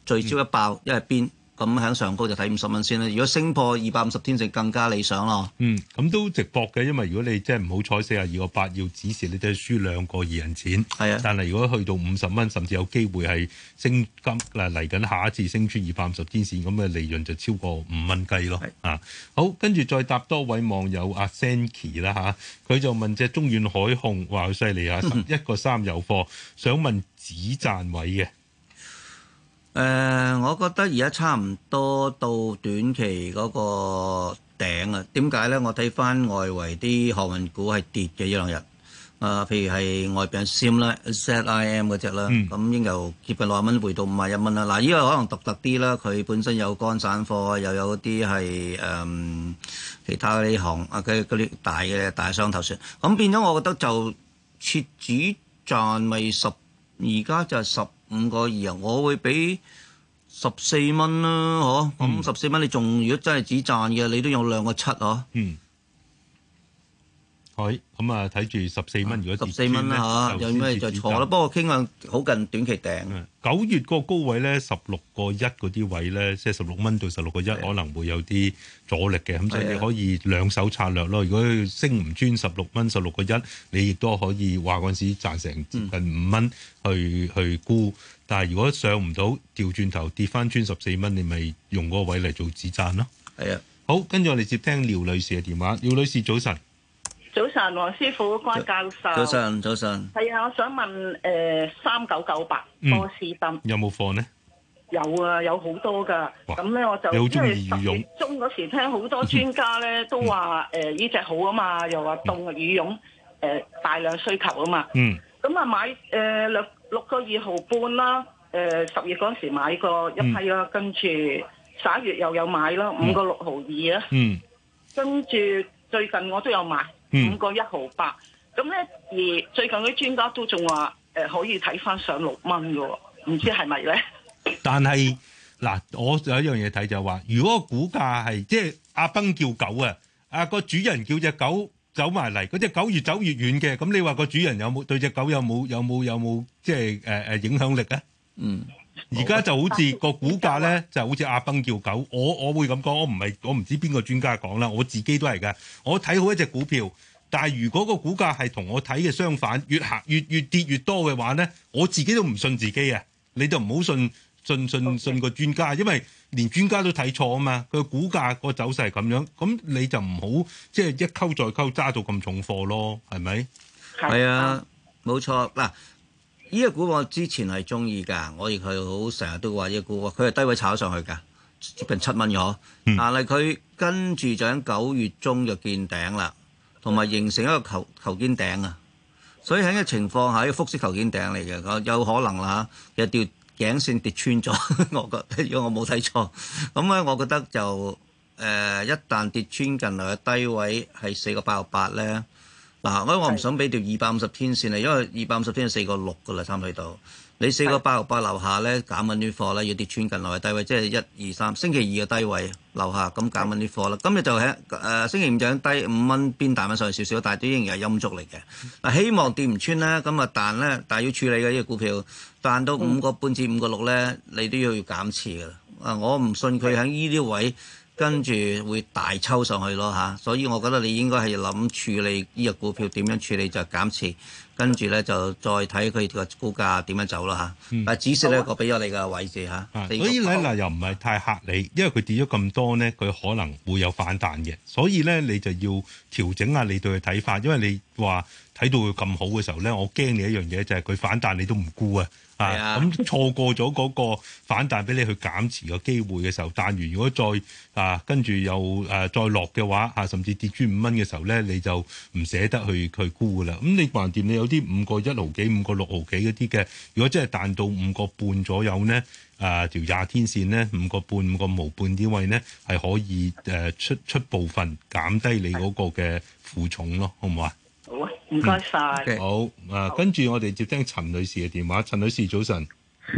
最朝一爆一係、嗯、邊？咁響上高就睇五十蚊先啦。如果升破二百五十天線更加理想咯。嗯，咁都值博嘅，因為如果你即係唔好彩四啊二個八，要止蝕，你都係輸兩個二銀錢。係啊的。但係如果去到五十蚊，甚至有機會係升金嗱嚟緊下一次升出二百五十天線，咁嘅利潤就超過五蚊雞咯。啊的。好，跟住再答多位網友阿 Sankey 啦、啊、嚇，佢就問隻中遠海控話好犀利啊，十一個三有貨， 想問止賺位嘅。誒，我覺得而家差唔多到短期嗰個頂啊？點解咧？我睇翻外圍啲航運股係跌嘅一兩日。啊，譬如係外邊 SIM 啦、ZIM 嗰隻啦，咁應由接近六十蚊回到五十一蚊啦。嗱，呢個可能獨特啲啦，佢本身有乾散貨，又有啲係誒其他啲行啊嘅嗰啲大嘅大商頭船。咁變咗，我覺得就設止賺為十，而家就十，五個二啊，我會俾十四蚊啦，嗬，咁十四蚊你仲如果真係只賺嘅，你都有兩個七，啊。嗯。咁、嗯、啊！睇住十四蚊，如果十四蚊咧，就算再錯啦。不過傾向好近短期掟九月個高位咧，十六個一嗰啲位咧，即係十六蚊到十六個一，可能會有啲阻力嘅。咁的所以你可以兩手策略咯。如果升唔穿十六蚊、十六個一，你亦都可以話嗰陣時賺成近五蚊去、嗯、去沽。但係如果上唔到，調轉頭跌翻穿十四蚊，你咪用個位嚟做止賺咯。係啊的，好跟住我哋接聽廖女士嘅電話。廖女士，早晨。早晨，黃師傅關教授。早晨，早晨。係啊，我想問誒，三九九八波司登有冇貨呢？有啊，有好多噶。咁咧哇，我就即係十月中嗰時聽、呃、好多專家咧都話誒呢隻好啊嘛，又話凍羽絨誒大量需求啊嘛。嗯。咁啊買誒六六個二毫半啦，誒、呃、十、呃、月嗰時買過一批啊，嗯、跟住十一月又有買啦，五個六毫二啊。嗯，嗯。跟住最近我都有買。五個一毫八，咁咧而最近啲專家都仲話，誒可以睇翻上六蚊嘅，唔知係咪咧？但係嗱，我有一樣嘢睇就係話，如果個股價係即係阿崩叫狗啊，啊個主人叫隻狗走埋嚟，嗰隻狗越走越遠嘅，咁你話個主人有冇對隻狗有冇有冇有冇即係誒誒影響力咧？嗯。而家就好似個股價咧，就好似阿崩叫狗，我我會咁講，我唔係我唔知邊個專家講啦，我自己都係噶。我睇好一隻股票，但係如果個股價係同我睇嘅相反，越行越越跌越多嘅話咧，我自己都唔信自己啊！你就唔好信信信信信個專家，因為連專家都睇錯啊嘛。佢個股價個走勢係咁樣，咁你就唔好即係一溝再溝揸到咁重貨咯，係咪？係啊的，冇的錯嗱。呢個股我之前係中意噶，我亦係好成日都話呢個股，佢係低位炒上去噶，接近七蚊咗。但係佢跟住就喺九月中就見頂啦，同埋形成一個球球肩頂啊，所以喺呢個情況下，複式頭肩頂嚟嘅，有可能啦，有條頸線跌穿咗，我覺得如果我冇睇錯，咁咧，我覺得，我我覺得就誒、呃，一旦跌穿近來嘅低位係四個八六八咧。嗱，因、啊、我唔想俾條二百五十天線啊，因為二百五十天有四個六噶啦，差唔多你四個八六八樓下咧減緊啲貨啦，要跌穿近嚟嘅低位，即係一二三星期二嘅低位樓下咁減緊啲貨啦。是今日就喺、是、誒、呃、星期五就低五蚊變大蚊上去少少，但係都仍然係陰燭嚟嘅。嗱是、啊，希望跌唔穿啦，咁啊彈咧，但係要處理嘅呢、這個股票彈到五個半至五個六咧，你都要要減持噶啦。啊是，我唔信佢喺呢啲位。跟住會大抽上去咯嚇、啊，所以我覺得你應該係諗處理呢隻股票點樣處理就減、是、持，跟住咧就再睇佢個股價點樣走啦嚇。但係紫色咧個俾咗你嘅位置嚇，啊、啊、所以咧嗱，又唔係太嚇你，因為佢跌咗咁多咧，佢可能會有反彈嘅。所以咧你就要調整下你對佢睇法，因為你話睇到佢咁好嘅時候咧，我驚你一樣嘢就係、是、佢反彈你都唔沽啊。啊，咁、嗯、錯過咗嗰個反彈俾你去減持嘅機會嘅時候，彈完如果再啊跟住又誒、啊、再落嘅話，啊甚至跌穿五蚊嘅時候咧，你就唔捨得去佢沽嘅啦。咁、嗯、你橫掂你有啲五個一毫幾、五個六毫幾嗰啲嘅，如果真係彈到五個半左右咧，啊條廿天線咧五個半、五個毫半啲位咧，係可以誒、啊、出出部分減低你嗰個嘅負重咯，好唔好啊？好啊，唔該晒。好啊，跟住我哋接聽陳女士嘅電話。陳女士，早晨。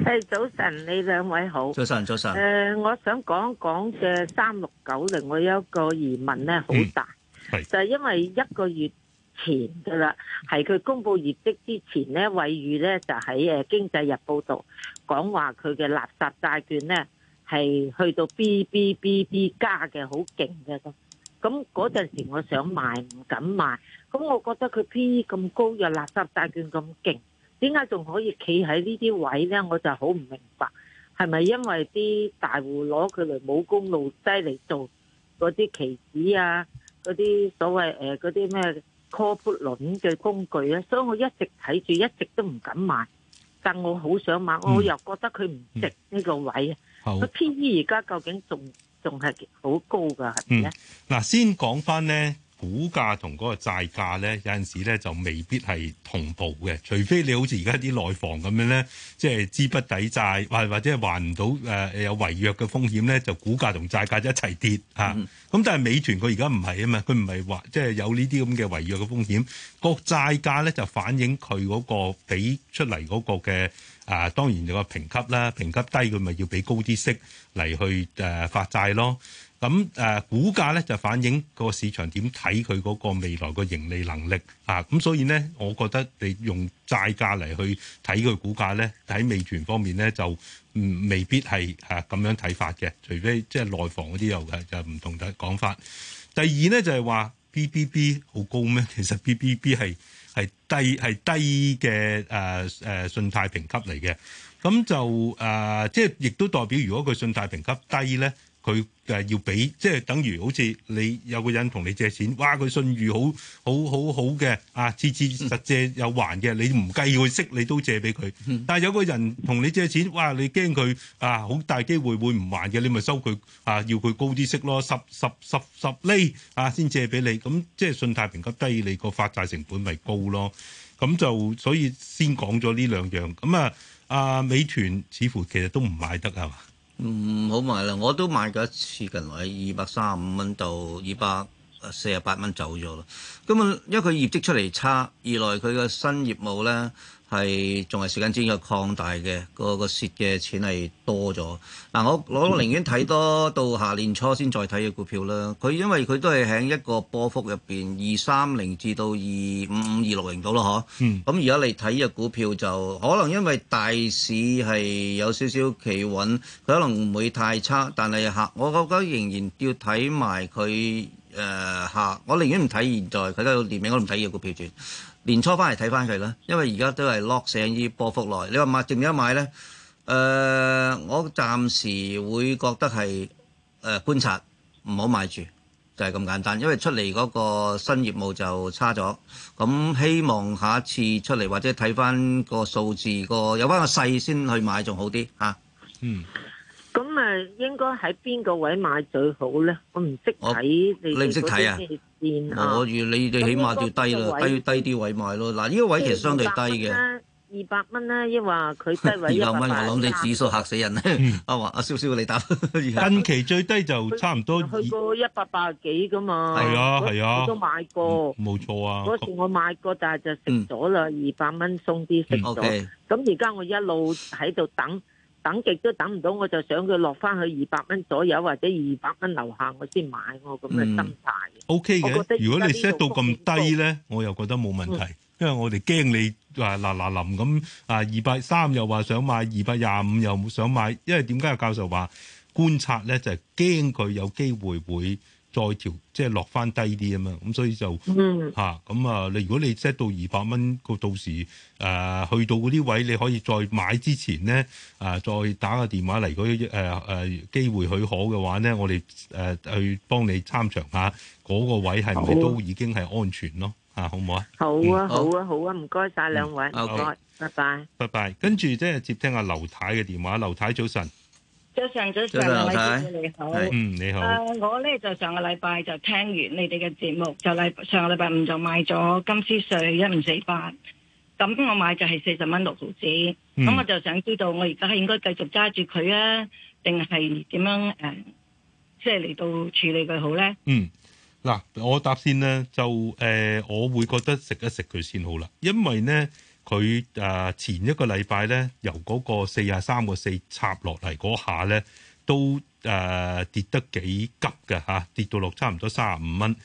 係早晨，你兩位好。早晨，早晨。誒，我想講講嘅三六九零，我有一個疑問咧，好大，就係因為一個月前噶啦，係佢公布業績之前咧，惠譽咧就喺誒《經濟日報》度講話佢嘅垃圾債券咧係去到 B B B B 加嘅，好勁嘅。咁咁嗰陣時，我想賣唔敢賣。咁我覺得佢 P E 咁高又垃圾債券咁勁，點解仲可以企喺呢啲位咧？我就好唔明白，係咪因為啲大戶攞佢嚟武功路西嚟做嗰啲棋子啊？嗰啲所謂誒嗰啲咩 couple 輪嘅工具咧？所以我一直睇住，一直都唔敢買，但我好想買，我又覺得佢唔值呢個位啊！佢 P E 而家究竟仲仲係好高㗎？係咪？嗯，嗱，先講翻咧。股價同嗰個債價咧，有陣時咧就未必係同步嘅，除非你好似而家啲內房咁樣咧，即係資不抵債，或或者還唔到誒、呃、有違約嘅風險咧，就股價同債價一齊跌嚇。咁、啊嗯、但係美團佢而家唔係啊嘛，佢唔係話即係有呢啲咁嘅違約嘅風險，個債價咧就反映佢嗰個俾出嚟嗰個嘅啊、呃，當然就個評級啦，評級低，佢咪要俾高啲息嚟去誒、呃、發債咯。咁誒、啊、股價咧就反映個市場點睇佢嗰個未來個盈利能力啊！咁、啊、所以咧，我覺得你用債價嚟去睇佢股價咧，喺美團方面咧就未必係嚇咁樣睇法嘅。除非即係內房嗰啲又嘅，就唔同嘅講法。第二咧就係、是、話 B B B 好高咩？其實、BB、B B B 係係低係低嘅誒誒信貸評級嚟嘅。咁就誒、啊、即係亦都代表，如果佢信貸評級低咧。佢誒要俾，即係等於好似你有個人同你借錢，哇！佢信譽好好好好嘅，啊，次次實借有還嘅，你唔計佢息，你都借俾佢。但係有個人同你借錢，哇！你驚佢啊，好大機會會唔還嘅，你咪收佢啊，要佢高啲息咯，十十十十厘啊，先借俾你。咁、嗯、即係信貸評級低，你個發債成本咪高咯。咁、嗯、就所以先講咗呢兩樣。咁啊，啊，美團似乎其實都唔買得係嘛？唔好買啦！我都買過一次，近來二百三十五蚊到二百四十八蚊走咗咯。咁啊，因為佢業績出嚟差，二來佢嘅新業務咧。係仲係時間之源嘅擴大嘅，個個蝕嘅錢係多咗。嗱、啊，我我寧願睇多到下年初先再睇嘅股票啦。佢因為佢都係喺一個波幅入邊，二三零至到二五五二六零度咯，嗬、嗯。咁而家你睇嘅股票就可能因為大市係有少少企穩，佢可能唔會太差。但係下我覺得仍然要睇埋佢誒下。我寧願唔睇現在，佢睇到年尾我都唔睇依個股票住。年初翻嚟睇翻佢啦，因為而家都係落成二波幅內。你話買,一買，定唔有買咧？誒，我暫時會覺得係誒、呃、觀察，唔好買住，就係、是、咁簡單。因為出嚟嗰個新業務就差咗，咁希望下次出嚟或者睇翻個數字，個有翻個勢先去買仲好啲嚇。啊、嗯，咁誒、啊、應該喺邊個位買最好咧？我唔識睇你唔識睇呀。我住你，你起碼就低啦，低低啲位買咯。嗱，呢個位其實相對低嘅，二百蚊啦，一話佢低位二百蚊我諗你指數嚇死人咧，阿華阿少少你打。近期最低就差唔多。去過一百八幾嘅嘛。係啊係啊。都買過。冇錯啊。嗰時我買過，但係就食咗啦，二百蚊鬆啲食咗。咁而家我一路喺度等。等極都等唔到，我就想佢落翻去二百蚊左右或者二百蚊樓下我，我先買，嗯 okay、我咁嘅心態。O K 嘅，如果你 set 到咁低咧，我又覺得冇問題，嗯、因為我哋驚你話嗱嗱臨咁啊二百三又話想買，二百廿五又想買，因為點解啊？教授話觀察咧就係驚佢有機會會。再調即係落翻低啲啊嘛，咁所以就嗯，吓，咁啊！你如果你 set 到二百蚊個到時誒、呃、去到嗰啲位，你可以再買之前咧啊、呃，再打個電話嚟嗰誒誒機會許可嘅話咧，我哋誒、呃、去幫你參詳下嗰、那個位係咪都已經係安全咯吓，好唔、啊、好，好，好啊？好啊好啊好啊，唔該晒兩位，唔該、嗯，okay. 拜拜，拜拜。跟住即係接聽阿劉太嘅電話，劉太早晨。就上咗上個禮拜你好，嗯，你好，誒、uh, 我咧就上個禮拜就聽完你哋嘅節目，就禮上個禮拜五就買咗金斯瑞一五四八，咁我買就係四十蚊六毫子，咁我就想知道我而家係應該繼續揸住佢啊，定係點樣誒，即係嚟到處理佢好咧？嗯，嗱我先答先咧，就誒、呃、我會覺得食一食佢先好啦，因為咧。佢誒前一個禮拜咧，由嗰個四十三個四插落嚟嗰下咧，都誒、呃、跌得幾急嘅嚇、啊，跌到落差唔多三十五蚊，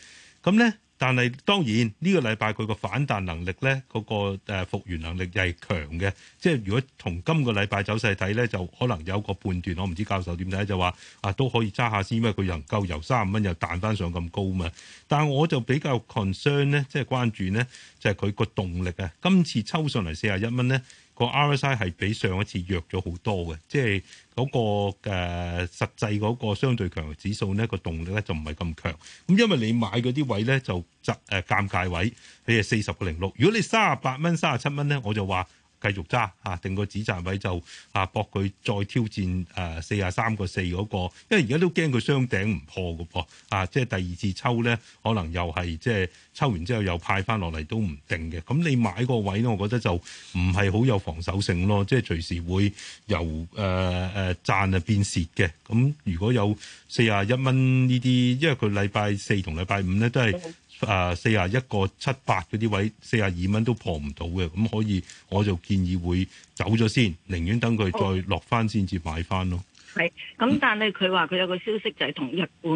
咁咧。但係當然呢、這個呢個禮拜佢個反彈能力咧，嗰個誒復原能力係強嘅。即係如果從今個禮拜走勢睇咧，就可能有一個判斷。我唔知教授點睇，就話啊都可以揸下先，因為佢能夠由三十五蚊又彈翻上咁高嘛。但係我就比較 concern 咧，即係關注咧，就係佢個動力啊。今次抽上嚟四十一蚊咧。個 RSI 係比上一次弱咗好多嘅，即係嗰、那個誒、呃、實際嗰個相對強弱指數咧，個動力咧就唔係咁強。咁因為你買嗰啲位咧就雜誒、呃、尷尬位，譬如四十個零六，如果你三十八蚊、三十七蚊咧，我就話。繼續揸嚇，定個止賺位就嚇搏佢再挑戰誒四廿三個四嗰個，因為而家都驚佢雙頂唔破㗎噃，啊，即係第二次抽咧，可能又係即係抽完之後又派翻落嚟都唔定嘅。咁你買個位咧，我覺得就唔係好有防守性咯，即係隨時會由誒誒、呃、賺啊變蝕嘅。咁如果有四廿一蚊呢啲，因為佢禮拜四同禮拜五咧都係。嗯誒四廿一個七八嗰啲位，四廿二蚊都破唔到嘅，咁可以我就建議會走咗先，寧願等佢再落翻先至買翻咯。係，咁、嗯、但係佢話佢有個消息就係同日本，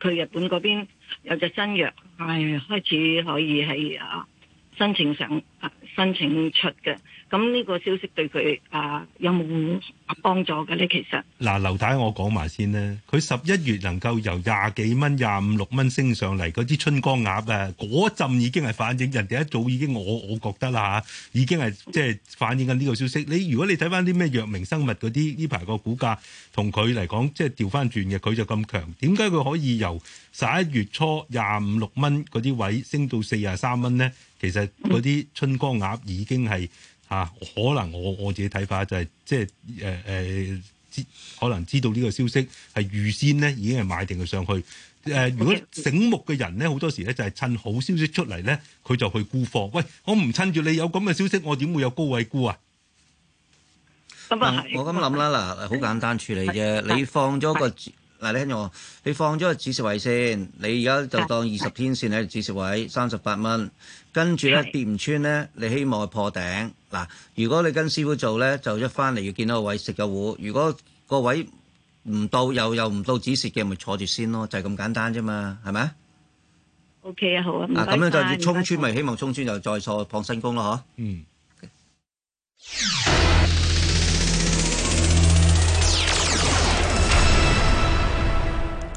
佢日本嗰邊有隻新藥係開始可以喺啊申請上申請出嘅。咁呢個消息對佢啊有冇幫助嘅咧？其實嗱，劉太，我講埋先呢。佢十一月能夠由廿幾蚊，廿五六蚊升上嚟，嗰啲春江鴨啊，嗰陣已經係反映人哋一早已經，我我覺得啦嚇，已經係即係反映緊呢個消息。你如果你睇翻啲咩藥明生物嗰啲呢排個股價，同佢嚟講即係調翻轉嘅，佢就咁強。點解佢可以由十一月初廿五六蚊嗰啲位升到四十三蚊呢？其實嗰啲春江鴨已經係。嚇、啊，可能我我自己睇法就係，是，即係誒誒知，可能知道呢個消息係預先咧，已經係買定佢上去。誒，呃，如果醒目嘅人咧，好多時咧就係趁好消息出嚟咧，佢就去沽貨。喂，我唔趁住你有咁嘅消息，我點會有高位沽啊？嗯，我咁諗啦，嗱，好簡單處理啫。你放咗個。嗱，你聽住我，你放咗個止蝕位先，你而家就當二十天線喺止蝕位三十八蚊，跟住咧跌唔穿咧，你希望破頂。嗱，如果你跟師傅做咧，就一翻嚟要見到個位食咗糊。如果個位唔到又，又又唔到止蝕嘅，咪坐住先咯，就係、是、咁簡單啫嘛，係咪？O K 啊，好啊，明白曬。啊，咁咧就要衝穿咪希望衝穿就再坐放新工咯，嗬？嗯。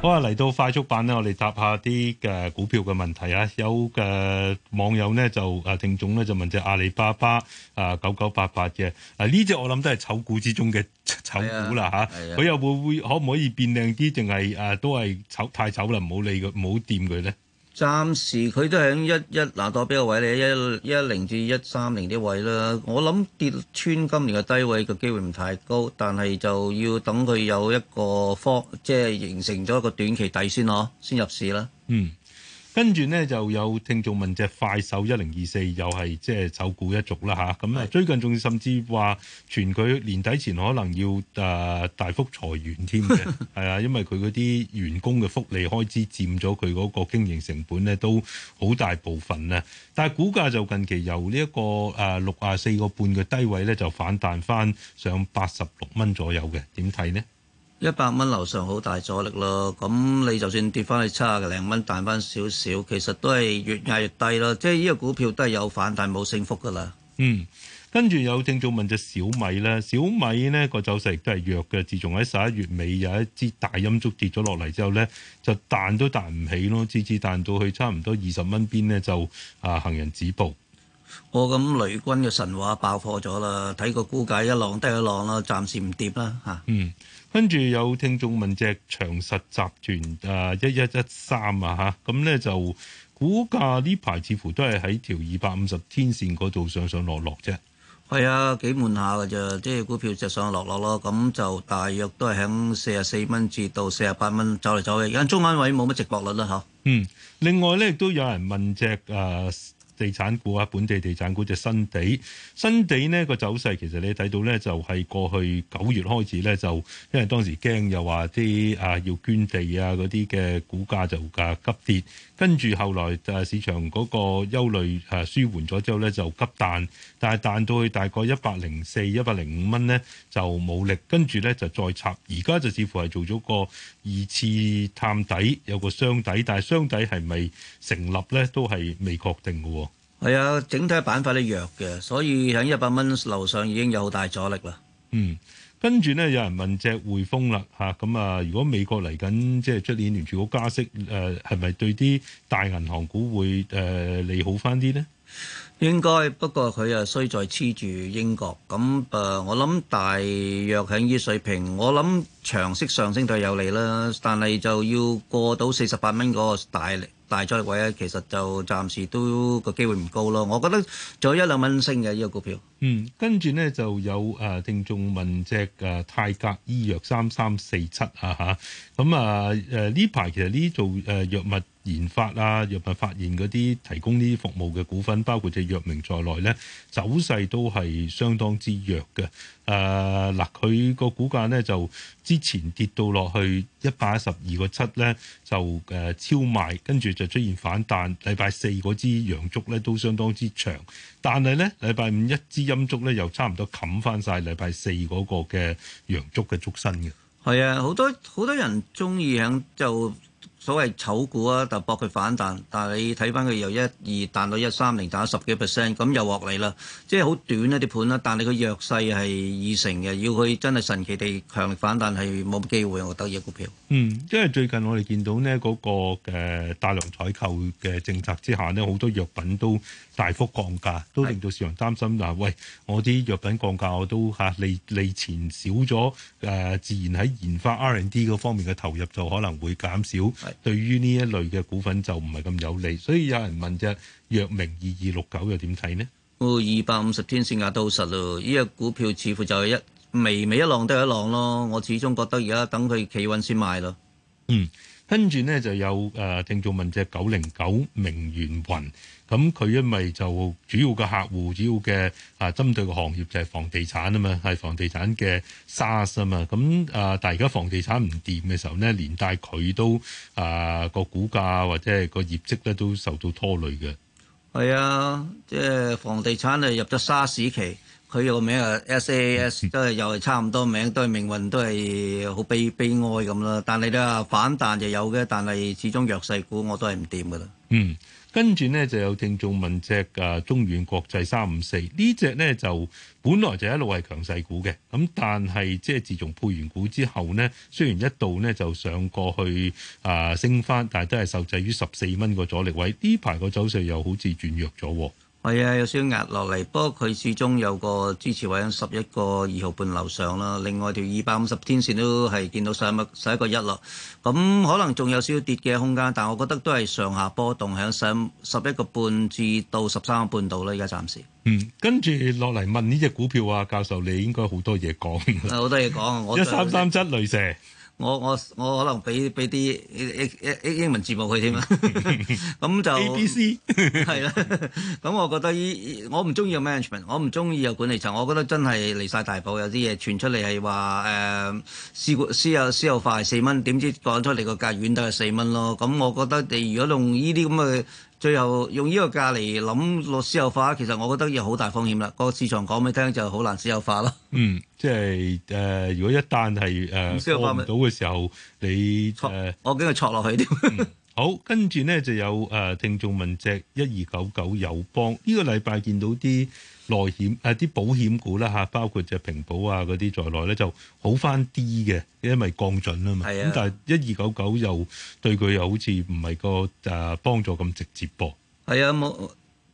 好啊，嚟到快速版咧，我哋答下啲嘅、呃、股票嘅問題啊。有嘅、呃、網友咧就啊、呃、聽眾咧就問隻阿里巴巴啊九九八八嘅。嗱呢隻我諗都係醜股之中嘅醜股啦嚇，佢、啊啊啊、又會會可唔可以變靚啲？定係啊都係醜太醜啦，唔好理佢唔好掂佢咧。暫時佢都係喺一一嗱，到邊個位咧？一一零至一三零啲位啦。我諗跌穿今年嘅低位嘅機會唔太高，但係就要等佢有一個方，即係形成咗一個短期底先嗬，先入市啦。嗯。跟住呢，就有聽眾問隻快手, 24,、就是、手一零二四又係即係走股一族啦吓，咁啊最近仲甚至話傳佢年底前可能要誒、呃、大幅裁員添嘅。係啊，因為佢嗰啲員工嘅福利開支佔咗佢嗰個經營成本呢都好大部分呢。但係股價就近期由呢一個誒六啊四個半嘅低位咧，就反彈返上八十六蚊左右嘅，點睇呢？一百蚊樓上好大阻力咯，咁你就算跌翻去七十零蚊彈翻少少，其實都係越壓越低咯。即係呢個股票都係有反彈冇升幅噶啦。嗯，跟住有聽眾問隻小米咧，小米呢個走勢亦都係弱嘅。自從喺十一月尾有一支大陰燭跌咗落嚟之後咧，就彈都彈唔起咯，次次彈到去差唔多二十蚊邊呢，就啊行人止步。我咁雷軍嘅神話爆破咗啦，睇個估計一浪低一浪啦，暫時唔跌啦嚇。啊、嗯。跟住有聽眾問隻長實集團13，啊，一一一三啊，嚇，咁咧就股價呢排似乎都係喺條二百五十天線嗰度上上落落啫。係啊，幾悶下嘅啫，即係股票就上上落落咯。咁就大約都係喺四十四蚊至到四十八蚊走嚟走去。而家中間位冇乜值博率啦，嚇。嗯，另外咧亦都有人問隻啊。地產股啊，本地地產股就新地，新地呢個走勢其實你睇到咧，就係過去九月開始咧，就因為當時驚又話啲啊要捐地啊嗰啲，嘅股價就啊急跌。跟住後來誒市場嗰個憂慮舒緩咗之後咧，就急彈，但係彈到去大概一百零四、一百零五蚊咧就冇力，跟住咧就再插。而家就似乎係做咗個二次探底，有個箱底，但係箱底係咪成立咧都係未確定嘅。係啊，整體板塊都弱嘅，所以喺一百蚊樓上已經有大阻力啦。嗯。跟住咧，有人問隻匯豐啦嚇，咁啊，如果美國嚟緊即係出年聯儲局加息，誒係咪對啲大銀行股會誒、呃、利好翻啲呢？應該，不過佢又衰在黐住英國咁誒、呃，我諗大約喺呢水平，我諗長息上升就有利啦，但係就要過到四十八蚊嗰個帶嚟。大作為啊，其實就暫時都個機會唔高咯。我覺得仲有一兩蚊升嘅呢個股票。嗯，跟住咧就有誒聽眾問隻誒泰格醫藥三三四七啊嚇，咁啊誒呢、呃、排其實呢做誒藥物研發啦，藥物發現嗰啲提供呢啲服務嘅股份，包括隻藥明在內咧，走勢都係相當之弱嘅。啊、呃，嗱，佢個股價咧就之前跌到落去一百一十二個七咧，就誒超賣，跟住就出現反彈。禮拜四嗰支陽燭咧都相當之長，但係咧禮拜五一支陰燭咧又差唔多冚翻晒禮拜四嗰個嘅陽燭嘅燭身嘅。係啊，好多好多人中意響就。所謂醜股啊，就搏佢反彈，但係你睇翻佢由一二彈到一三零，彈咗十幾 percent，咁又獲利啦。即係好短一啲盤啦，但你個弱勢係二成嘅，要佢真係神奇地強力反彈係冇機會。我得嘅股票。嗯，即係最近我哋見到呢嗰個嘅大量採購嘅政策之下呢，好多藥品都大幅降價都令到市場擔心嗱。的喂，我啲藥品降價我都嚇利利錢少咗。誒、呃，自然喺研發 R&D 嗰方面嘅投入就可能會減少，的對於呢一類嘅股份就唔係咁有利，所以有人問隻藥明二二六九又點睇呢？哦，二百五十天線壓到實咯，呢、這個股票似乎就係一微微一浪得一浪咯，我始終覺得而家等佢企穩先買咯。嗯。跟住咧就有誒聽眾問隻九零九明源雲，咁佢因為就主要嘅客戶、主要嘅啊針對嘅行業就係房地產啊嘛，係房地產嘅沙士啊嘛，咁啊但係而家房地產唔掂嘅時候咧，連帶佢都啊個股價或者係個業績咧都受到拖累嘅。係啊，即係房地產係入咗沙士期。佢個名啊 SAS 都係又係差唔多名，都係命運，都係好悲悲哀咁啦。但係咧，反彈就有嘅。但係始終弱勢股，我都係唔掂噶啦。嗯，跟住呢，就有聽眾問隻啊中遠國際三五四呢隻呢就本來就一路係強勢股嘅，咁但係即係自從配完股之後呢，雖然一度呢就上過去啊、呃、升翻，但係都係受制於十四蚊個阻力位。呢排個走勢又好似轉弱咗喎。係啊，有少少壓落嚟，不過佢始終有個支持位喺十一個二毫半樓上啦。另外條二百五十天線都係見到上一物十一個一咯。咁可能仲有少少跌嘅空間，但我覺得都係上下波動喺十十一個半至到十三個半度啦。而家暫時。嗯，跟住落嚟問呢隻股票啊，教授，你應該好多嘢講。好多嘢講，我，一三三七雷射。我我我可能俾俾啲英文字幕佢添啊，咁 就 A B C 係啦。咁 ABC? 是的 我覺得依我唔中意有 management，我唔中意有管理層。我覺得真係離晒大步，有啲嘢傳出嚟係話誒，私有，私有化係四蚊，點知講出嚟個隔遠都係四蚊咯。咁我覺得你如果用呢啲咁嘅。最後用呢個價嚟諗落私有化，其實我覺得有好大風險啦。個市場講俾你聽就好難私有化啦。嗯，即係誒、呃，如果一旦係誒過唔到嘅時候，你錯，塗呃、我驚佢錯落去添、 嗯。好，跟住呢就有誒、呃、聽眾問隻一二九九友邦，呢、這個禮拜見到啲。內險誒啲、啊、保險股啦嚇、啊，包括隻平保啊嗰啲在內咧，就好返啲嘅，因為降準啊嘛。係啊。咁但係一二九九又對佢又好似唔係個誒、啊、幫助咁直接噃。係啊，冇。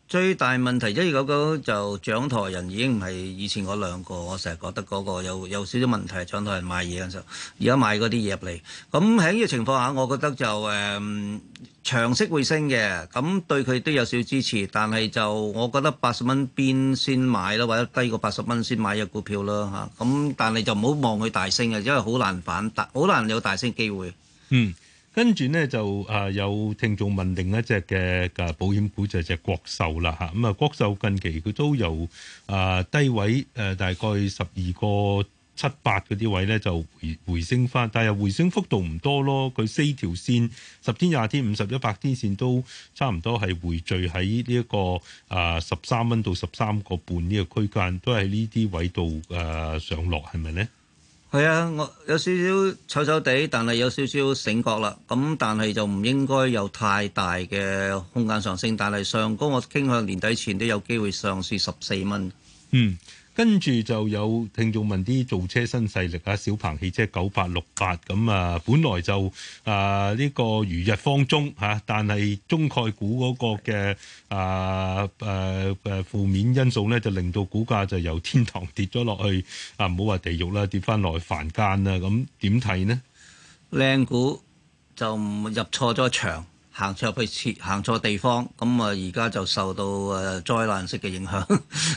最大問題一二九九就掌台人已經唔係以前嗰兩個，我成日覺得嗰個有有少少問題。掌台人買嘢嘅時候，而家買嗰啲嘢入嚟，咁喺呢個情況下，我覺得就誒、呃、長息會升嘅，咁對佢都有少少支持，但係就我覺得八十蚊邊先買啦，或者低過八十蚊先買嘅股票啦嚇。咁、啊、但係就唔好望佢大升嘅，因為好難反彈，好難有大升機會。嗯。跟住呢，就啊、呃、有聽眾問另一隻嘅嘅保險股就係、係、隻國壽啦嚇，咁啊國壽近期佢都由啊、呃、低位誒、呃、大概十二個七八嗰啲位咧就回回升翻，但係回升幅度唔多咯。佢四條線、十天、廿天、五十一百天線都差唔多係匯聚喺呢一個啊十三蚊到十三個半呢個區間，都係呢啲位度啊、呃、上落係咪呢？係啊，我有少少醜醜地，但係有少少醒覺啦。咁但係就唔應該有太大嘅空間上升，但係上高，我傾向年底前都有機會上市十四蚊。嗯。跟住就有聽眾問啲造車新勢力啊，小鵬汽車九八六八咁啊，本來就啊呢、這個如日方中嚇、啊，但係中概股嗰個嘅啊誒誒負面因素咧，就令到股價就由天堂跌咗落去啊，唔好話地獄啦，跌返落去凡間啦，咁點睇呢？靚股就入錯咗場。行錯地方，咁啊而家就受到誒災難式嘅影響。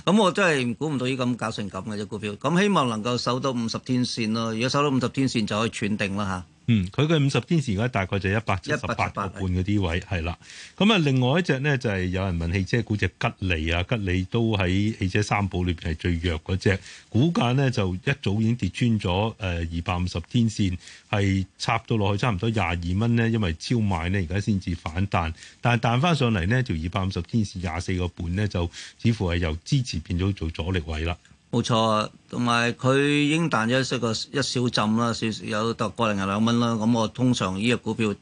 咁 我真係估唔到依咁搞成咁嘅隻股票。咁希望能夠守到五十天線咯。如果守到五十天線，就可以斷定啦。嗯，佢嘅五十天線而家大概就一百七十八個半嗰啲位係啦。咁啊 11 8, 的，另外一隻呢，就係、是、有人問汽車股隻吉利啊，吉利都喺汽車三寶裏邊係最弱嗰隻，股價呢就一早已經跌穿咗誒二百五十天線，係插到落去差唔多廿二蚊呢。因為超賣呢，而家先至反彈，但係彈翻上嚟呢就二百五十天線廿四個半呢，就似乎係由支持變咗做阻力位啦。冇錯，同埋佢已經彈咗一個一小浸啦，少少有突破零頭兩蚊啦。咁我通常呢個股票誒、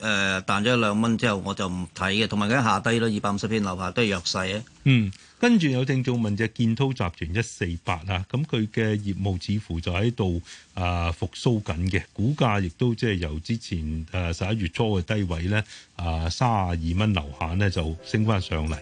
呃、彈咗兩蚊之後，我就唔睇嘅。同埋佢下低咯，二百五十蚊樓下都係弱勢啊。嗯，跟住有聽眾問隻建滔集團一四八啊，咁佢嘅業務似乎就喺度啊復甦緊嘅，股價亦都即係由之前誒十一月初嘅低位咧啊三十二蚊樓下咧就升翻上嚟。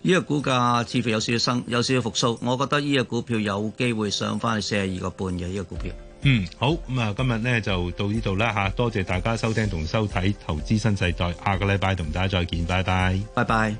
呢個股價似乎有少少升，有少少復甦。我覺得呢個股票有機會上返去四十二個半嘅呢個股票。嗯，好咁啊今日咧就到呢度啦吓，多謝大家收聽同收睇《投資新世代》，下個禮拜同大家再見，拜拜，拜拜。